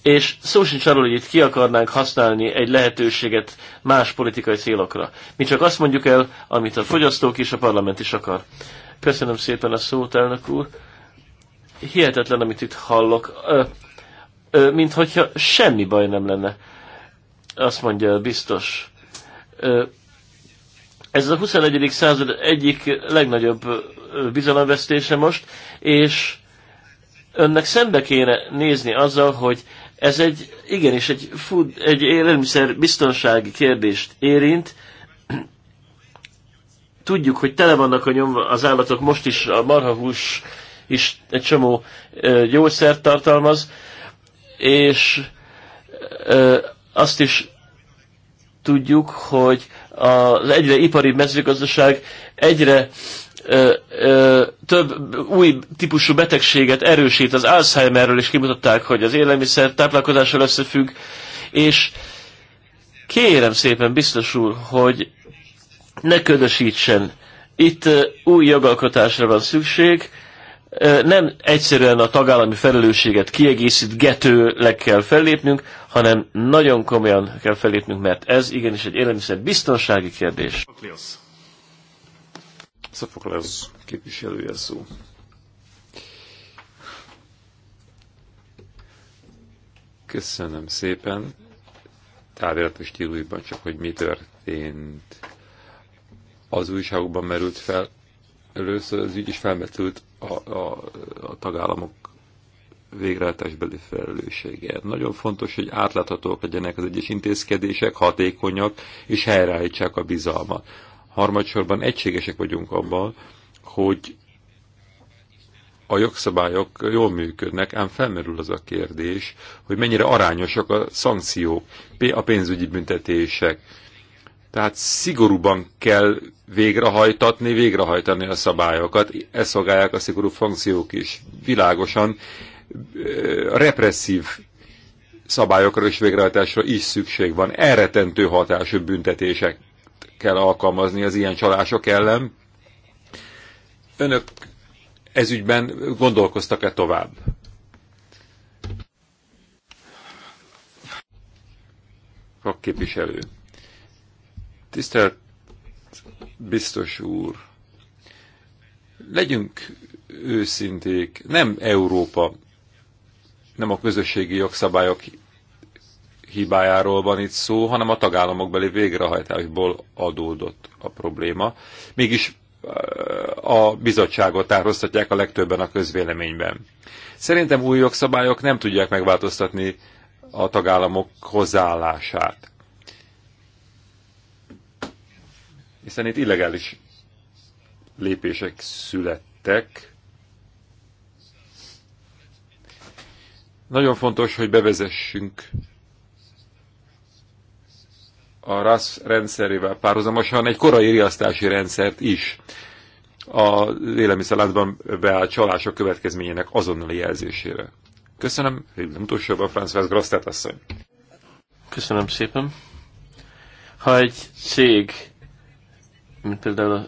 És szó sincs arról, hogy itt ki akarnánk használni egy lehetőséget más politikai célokra. Mi csak azt mondjuk el, amit a fogyasztók és a parlament is akar. Köszönöm szépen a szót, elnök úr. Hihetetlen, amit itt hallok. Ö, ö, mint hogyha semmi baj nem lenne azt mondja biztos. Ez a 21. század egyik legnagyobb bizalomvesztése most, és önnek szembe kéne nézni azzal, hogy ez egy, igenis, egy, food, egy élelmiszer biztonsági kérdést érint. Tudjuk, hogy tele vannak a nyomva az állatok, most is a marhahús is egy csomó gyógyszert tartalmaz, és azt is tudjuk, hogy az egyre ipari mezőgazdaság egyre ö, ö, több új típusú betegséget erősít. Az Alzheimerről is kimutatták, hogy az élelmiszer táplálkozással összefügg, és kérem szépen, biztos úr, hogy ne ködösítsen. Itt új jogalkotásra van szükség, nem egyszerűen a tagállami felelősséget kiegészítgetőleg kell fellépnünk, hanem nagyon komolyan kell fellépnünk, mert ez igenis egy élelmiszer biztonsági kérdés. Szofoklesz képviselője szó. Köszönöm szépen. Távirati stílusban csak, hogy mi történt. Az újságokban merült fel először az ügy is felmetült a, a, a tagállamok végrehajtásbeli felelőssége. Nagyon fontos, hogy átláthatóak legyenek az egyes intézkedések, hatékonyak, és helyreállítsák a bizalmat. Harmadsorban egységesek vagyunk abban, hogy a jogszabályok jól működnek, ám felmerül az a kérdés, hogy mennyire arányosak a szankciók, a pénzügyi büntetések, tehát szigorúban kell végrehajtatni, végrehajtani a szabályokat. Ezt szolgálják a szigorú funkciók is. Világosan represszív szabályokra és végrehajtásra is szükség van. Elretentő hatású büntetések kell alkalmazni az ilyen csalások ellen. Önök ezügyben gondolkoztak-e tovább? Rakképviselő. képviselő. Tisztelt biztos úr, legyünk őszinték, nem Európa, nem a közösségi jogszabályok hibájáról van itt szó, hanem a tagállamok beli végrehajtásból adódott a probléma. Mégis eh, a bizottságot tárhoztatják a legtöbben a közvéleményben. Szerintem új jogszabályok nem tudják megváltoztatni a tagállamok hozzáállását. hiszen itt illegális lépések születtek. Nagyon fontos, hogy bevezessünk a RASZ rendszerével párhuzamosan egy korai riasztási rendszert is a élelmiszerláncban beállt csalások következményének azonnali jelzésére. Köszönöm, nem utolsóban François Grasztát asszony. Köszönöm szépen. Ha egy cég mint például a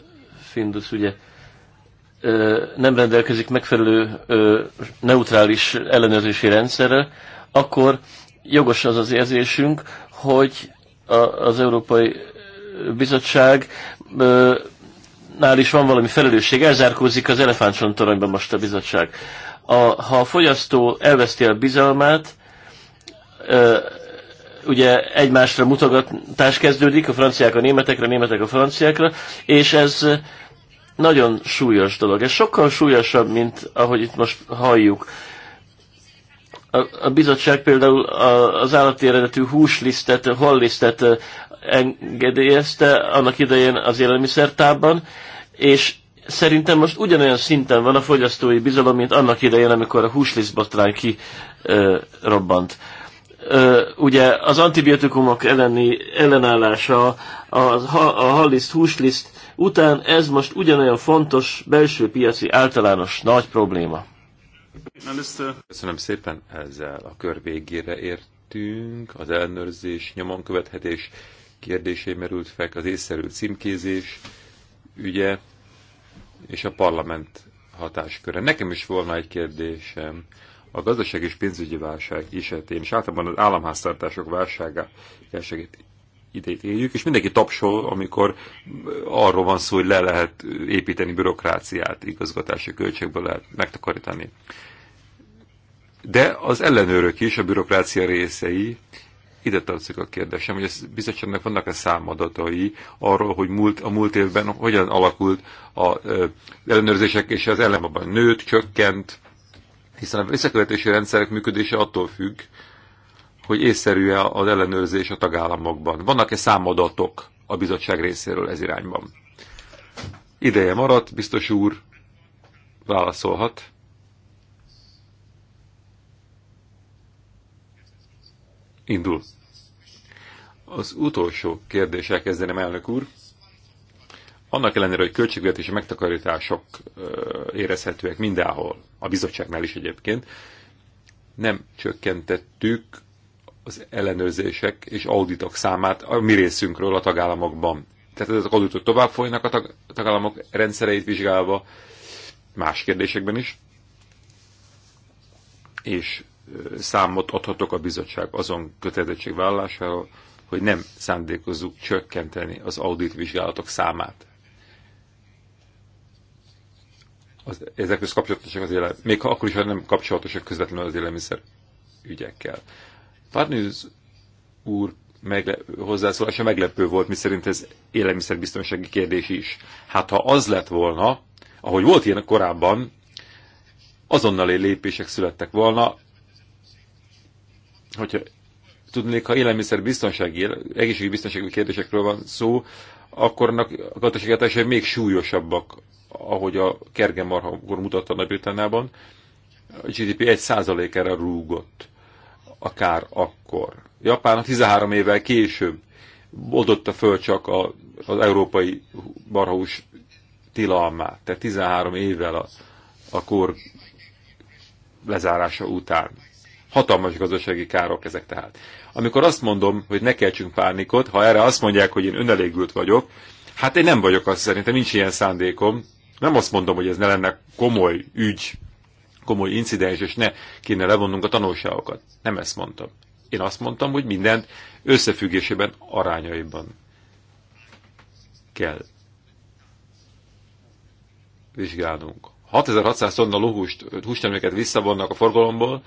Findus, ugye nem rendelkezik megfelelő neutrális ellenőrzési rendszerrel, akkor jogos az az érzésünk, hogy az Európai Bizottság nál is van valami felelősség, elzárkózik az elefántcsontoronyban most a bizottság. A, ha a fogyasztó elveszti a bizalmát, ugye egymásra mutogatás kezdődik, a franciák a németekre, a németek a franciákra, és ez nagyon súlyos dolog. Ez sokkal súlyosabb, mint ahogy itt most halljuk. A, a bizottság például a, az állati eredetű húslisztet, hollisztet engedélyezte annak idején az élelmiszertában, és szerintem most ugyanolyan szinten van a fogyasztói bizalom, mint annak idején, amikor a húslisztbotrány ki Uh, robbant ugye az antibiotikumok elleni ellenállása a, a halliszt, húsliszt után ez most ugyanolyan fontos belső piaci általános nagy probléma. Köszönöm szépen, ezzel a kör végére értünk. Az ellenőrzés, nyomon követhetés kérdésé merült fel, az észszerű címkézés ügye és a parlament hatásköre. Nekem is volna egy kérdésem a gazdaság és pénzügyi válság esetén, és általában az államháztartások válsága segít idejét éljük, és mindenki tapsol, amikor arról van szó, hogy le lehet építeni bürokráciát, igazgatási költségből lehet megtakarítani. De az ellenőrök is, a bürokrácia részei, ide tartozik a kérdésem, hogy a bizottságnak vannak-e számadatai arról, hogy múlt, a múlt évben hogyan alakult az ellenőrzések és az ellenőrzések nőtt, csökkent, hiszen a visszakövetési rendszerek működése attól függ, hogy észszerű -e az ellenőrzés a tagállamokban. Vannak-e számadatok a bizottság részéről ez irányban? Ideje maradt, biztos úr, válaszolhat. Indul. Az utolsó kérdéssel kezdeném, elnök úr. Annak ellenére, hogy költségvetési megtakarítások érezhetőek mindenhol, a bizottságnál is egyébként, nem csökkentettük az ellenőrzések és auditok számát a mi részünkről a tagállamokban. Tehát ezek az auditok tovább folynak a tagállamok rendszereit vizsgálva, más kérdésekben is, és számot adhatok a bizottság azon kötelezettségvállalásáról, hogy nem szándékozzuk csökkenteni az audit vizsgálatok számát. az, ezek köz kapcsolatosak az élel, még ha akkor is, ha nem kapcsolatosak közvetlenül az élelmiszer ügyekkel. Párnőz úr megle- hozzászólása meglepő volt, miszerint ez élelmiszerbiztonsági kérdés is. Hát ha az lett volna, ahogy volt ilyen korábban, azonnali lépések születtek volna, hogyha tudnék, ha biztonsági, egészségügyi biztonsági kérdésekről van szó, akkor a gazdasági még súlyosabbak ahogy a kerge Marha mutatta a Britannában, a GDP 1%-ára rúgott a kár akkor. Japán 13 évvel később oldotta föl csak a, az európai marhahús tilalmát, tehát 13 évvel a, a kor lezárása után. Hatalmas gazdasági károk ezek tehát. Amikor azt mondom, hogy ne keltsünk pánikot, ha erre azt mondják, hogy én önelégült vagyok, hát én nem vagyok azt szerintem, nincs ilyen szándékom, nem azt mondom, hogy ez ne lenne komoly ügy, komoly incidens, és ne kéne levonnunk a tanulságokat. Nem ezt mondtam. Én azt mondtam, hogy mindent összefüggésében, arányaiban kell vizsgálnunk. 6600 tonna lóhúst, hústerméket visszavonnak a forgalomból,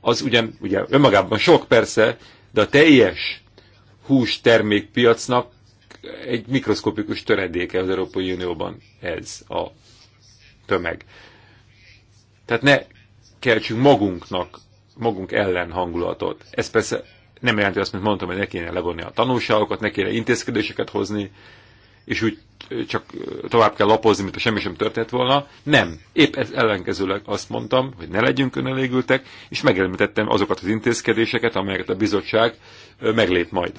az ugyan ugye önmagában sok persze, de a teljes hústermékpiacnak egy mikroszkopikus töredéke az Európai Unióban ez a tömeg. Tehát ne keltsünk magunknak, magunk ellen hangulatot. Ez persze nem jelenti azt, mint mondtam, hogy ne kéne levonni a tanulságokat, ne kéne intézkedéseket hozni, és úgy csak tovább kell lapozni, mint a semmi sem történt volna. Nem. Épp ez ellenkezőleg azt mondtam, hogy ne legyünk önelégültek, és megelmítettem azokat az intézkedéseket, amelyeket a bizottság meglép majd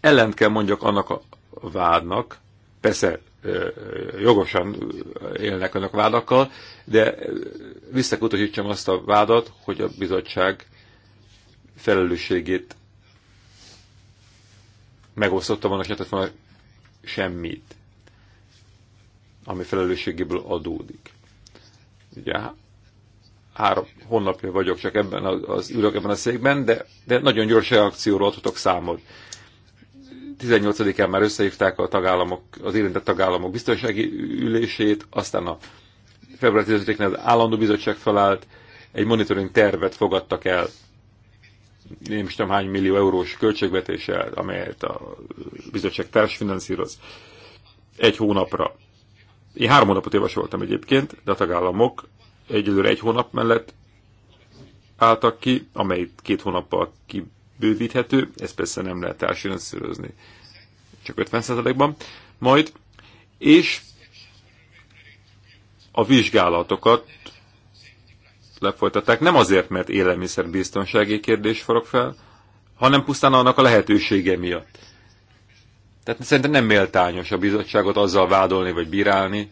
ellent kell mondjak annak a vádnak, persze jogosan élnek önök vádakkal, de visszakutasítsam azt a vádat, hogy a bizottság felelősségét megosztotta volna, tehát van semmit, ami felelősségéből adódik. Ugye három hónapja vagyok csak ebben az, az ülök ebben a székben, de, de nagyon gyors reakcióról adhatok számot. 18-án már összehívták a tagállamok, az érintett tagállamok biztonsági ülését, aztán a február 15-én az állandó bizottság felállt, egy monitoring tervet fogadtak el, nem is tudom hány millió eurós költségvetéssel, amelyet a bizottság társfinanszíroz, egy hónapra. Én három hónapot javasoltam egyébként, de a tagállamok egyelőre egy hónap mellett álltak ki, amely két hónappal ki bővíthető, ezt persze nem lehet társadalmi csak 50%-ban. Majd, és a vizsgálatokat lefolytatták, nem azért, mert élelmiszerbiztonsági kérdés forog fel, hanem pusztán annak a lehetősége miatt. Tehát szerintem nem méltányos a bizottságot azzal vádolni vagy bírálni,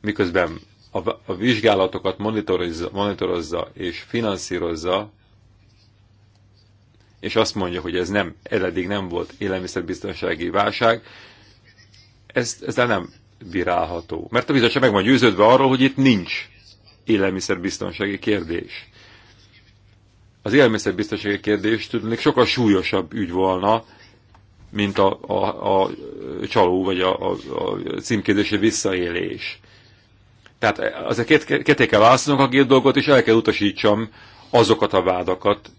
miközben a, a vizsgálatokat monitorozza, monitorozza és finanszírozza és azt mondja, hogy ez nem, eddig nem volt élelmiszerbiztonsági válság, ez, ez nem bírálható. Mert a bizottság meg van győződve arról, hogy itt nincs élelmiszerbiztonsági kérdés. Az élelmiszerbiztonsági kérdés tudnék sokkal súlyosabb ügy volna, mint a, a, a csaló vagy a, a, a címkézési visszaélés. Tehát azért ketté kell válaszolnunk a két dolgot, és el kell utasítsam azokat a vádakat,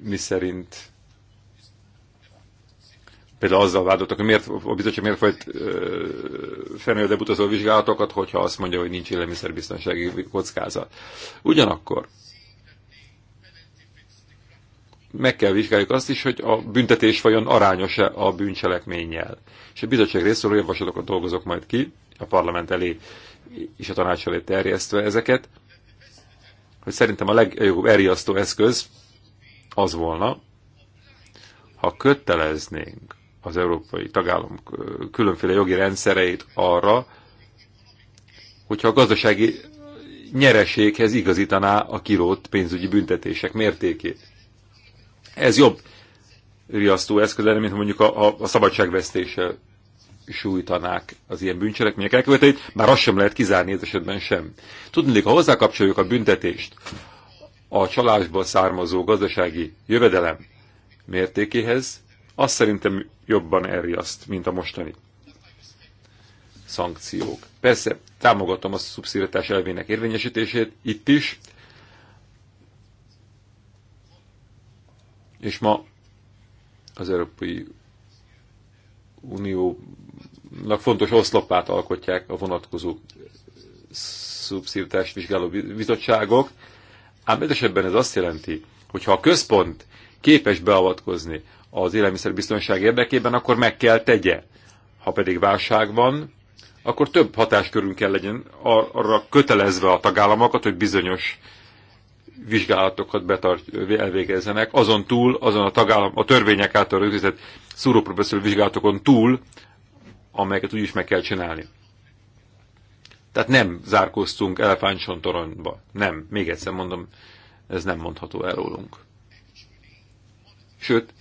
mi szerint például azzal vádoltak, hogy miért, a bizottság miért folyt felnőtt utazó vizsgálatokat, hogyha azt mondja, hogy nincs élelmiszerbiztonsági kockázat. Ugyanakkor meg kell vizsgáljuk azt is, hogy a büntetés vajon arányos-e a bűncselekménnyel. És a bizottság részéről javaslatokat dolgozok majd ki, a parlament elé és a tanács elé terjesztve ezeket, hogy szerintem a legjobb eriasztó eszköz az volna, ha köteleznénk az európai tagállam különféle jogi rendszereit arra, hogyha a gazdasági nyereséghez igazítaná a kilót pénzügyi büntetések mértékét. Ez jobb riasztó eszköz lenne, mint mondjuk a, a, a szabadságvesztéssel sújtanák az ilyen bűncselekmények elkövetőit, már azt sem lehet kizárni ez esetben sem. Tudnék, ha hozzákapcsoljuk a büntetést a csalásból származó gazdasági jövedelem mértékéhez, azt szerintem jobban elriaszt, mint a mostani szankciók. Persze, támogatom a szubszíratás elvének érvényesítését itt is, és ma az Európai Uniónak fontos oszlopát alkotják a vonatkozó szubszíratást vizsgáló bizottságok, Ám ez esetben ez azt jelenti, hogy ha a központ képes beavatkozni az élelmiszerbiztonság érdekében, akkor meg kell tegye. Ha pedig válság van, akkor több hatáskörünk kell legyen arra kötelezve a tagállamokat, hogy bizonyos vizsgálatokat betart, elvégezzenek, azon túl, azon a tagállam, a törvények által rögzített szúrópróbeszélő vizsgálatokon túl, amelyeket úgyis meg kell csinálni. Tehát nem zárkóztunk elefántsontoronyba. Nem, még egyszer mondom, ez nem mondható el rólunk. Sőt,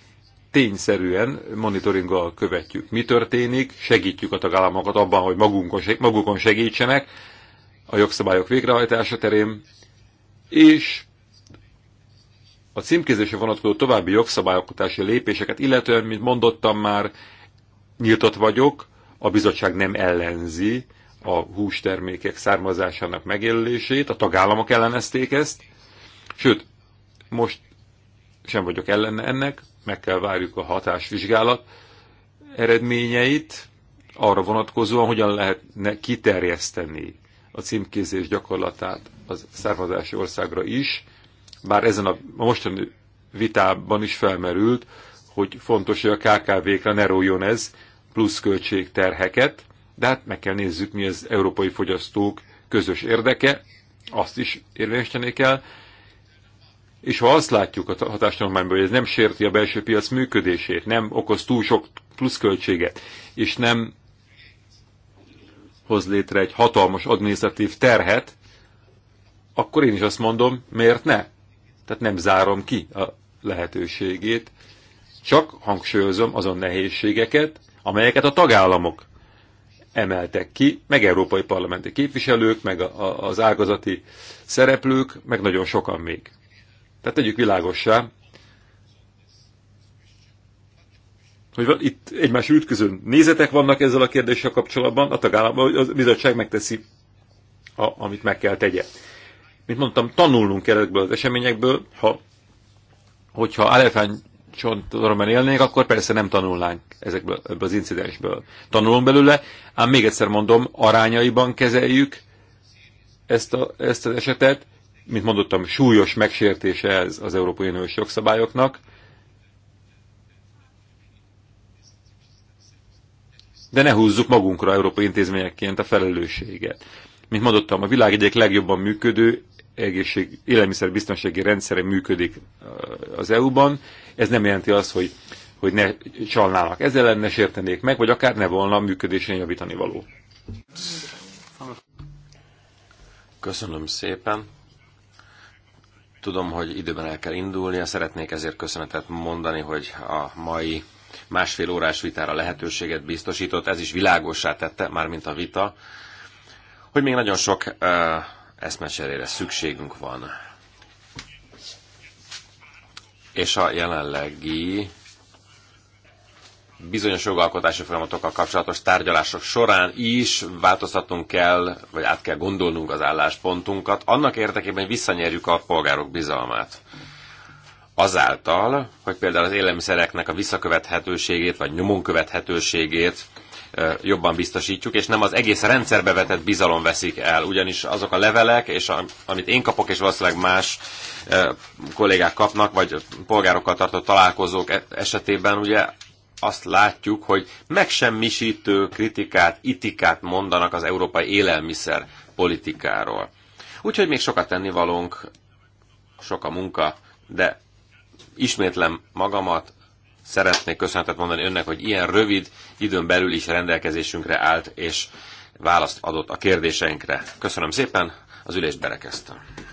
tényszerűen monitoringgal követjük, mi történik, segítjük a tagállamokat abban, hogy magukon segítsenek a jogszabályok végrehajtása terén, és a címkézésre vonatkozó további jogszabályokatási lépéseket, illetően, mint mondottam már, nyitott vagyok, a bizottság nem ellenzi, a hústermékek származásának megjelölését, a tagállamok ellenezték ezt, sőt, most sem vagyok ellene ennek, meg kell várjuk a hatásvizsgálat eredményeit, arra vonatkozóan, hogyan lehetne kiterjeszteni a címkézés gyakorlatát az származási országra is, bár ezen a, mostani vitában is felmerült, hogy fontos, hogy a KKV-kra ne ez plusz költségterheket, de hát meg kell nézzük, mi az európai fogyasztók közös érdeke, azt is érvényesíteni kell, és ha azt látjuk a hatástanulmányban, hogy ez nem sérti a belső piac működését, nem okoz túl sok pluszköltséget, és nem hoz létre egy hatalmas adminisztratív terhet, akkor én is azt mondom, miért ne? Tehát nem zárom ki a lehetőségét, csak hangsúlyozom azon nehézségeket, amelyeket a tagállamok emeltek ki, meg európai parlamenti képviselők, meg a, a, az ágazati szereplők, meg nagyon sokan még. Tehát tegyük világossá, hogy itt egymás ütköző nézetek vannak ezzel a kérdéssel kapcsolatban, a tagállamban a bizottság megteszi, a, amit meg kell tegye. Mint mondtam, tanulnunk kell ezekből az eseményekből, ha, hogyha Alefány csontoromban élnénk, akkor persze nem tanulnánk ezekből ebből az incidensből. Tanulunk belőle, ám még egyszer mondom, arányaiban kezeljük ezt, a, ezt az esetet, mint mondottam, súlyos megsértése ez az Európai Uniós jogszabályoknak, de ne húzzuk magunkra európai intézményekként a felelősséget. Mint mondottam, a világ egyik legjobban működő egészség, élelmiszerbiztonsági rendszere működik az EU-ban. Ez nem jelenti azt, hogy, hogy ne csalnának ezzel ellen, ne sértenék meg, vagy akár ne volna a működésén javítani való. Köszönöm szépen. Tudom, hogy időben el kell indulnia, szeretnék ezért köszönetet mondani, hogy a mai másfél órás vitára lehetőséget biztosított, ez is világossá tette, mármint a vita, hogy még nagyon sok uh, eszmecserére szükségünk van. És a jelenlegi bizonyos jogalkotási folyamatokkal kapcsolatos tárgyalások során is változtatnunk kell, vagy át kell gondolnunk az álláspontunkat, annak érdekében, hogy visszanyerjük a polgárok bizalmát. Azáltal, hogy például az élelmiszereknek a visszakövethetőségét, vagy nyomon követhetőségét jobban biztosítjuk, és nem az egész rendszerbe vetett bizalom veszik el, ugyanis azok a levelek, és a, amit én kapok, és valószínűleg más kollégák kapnak, vagy polgárokkal tartott találkozók e, esetében, ugye azt látjuk, hogy megsemmisítő kritikát, itikát mondanak az európai élelmiszer politikáról. Úgyhogy még sokat tennivalónk, sok a munka, de ismétlem magamat, szeretnék köszönetet mondani önnek, hogy ilyen rövid időn belül is rendelkezésünkre állt, és választ adott a kérdéseinkre. Köszönöm szépen, az ülést berekeztem.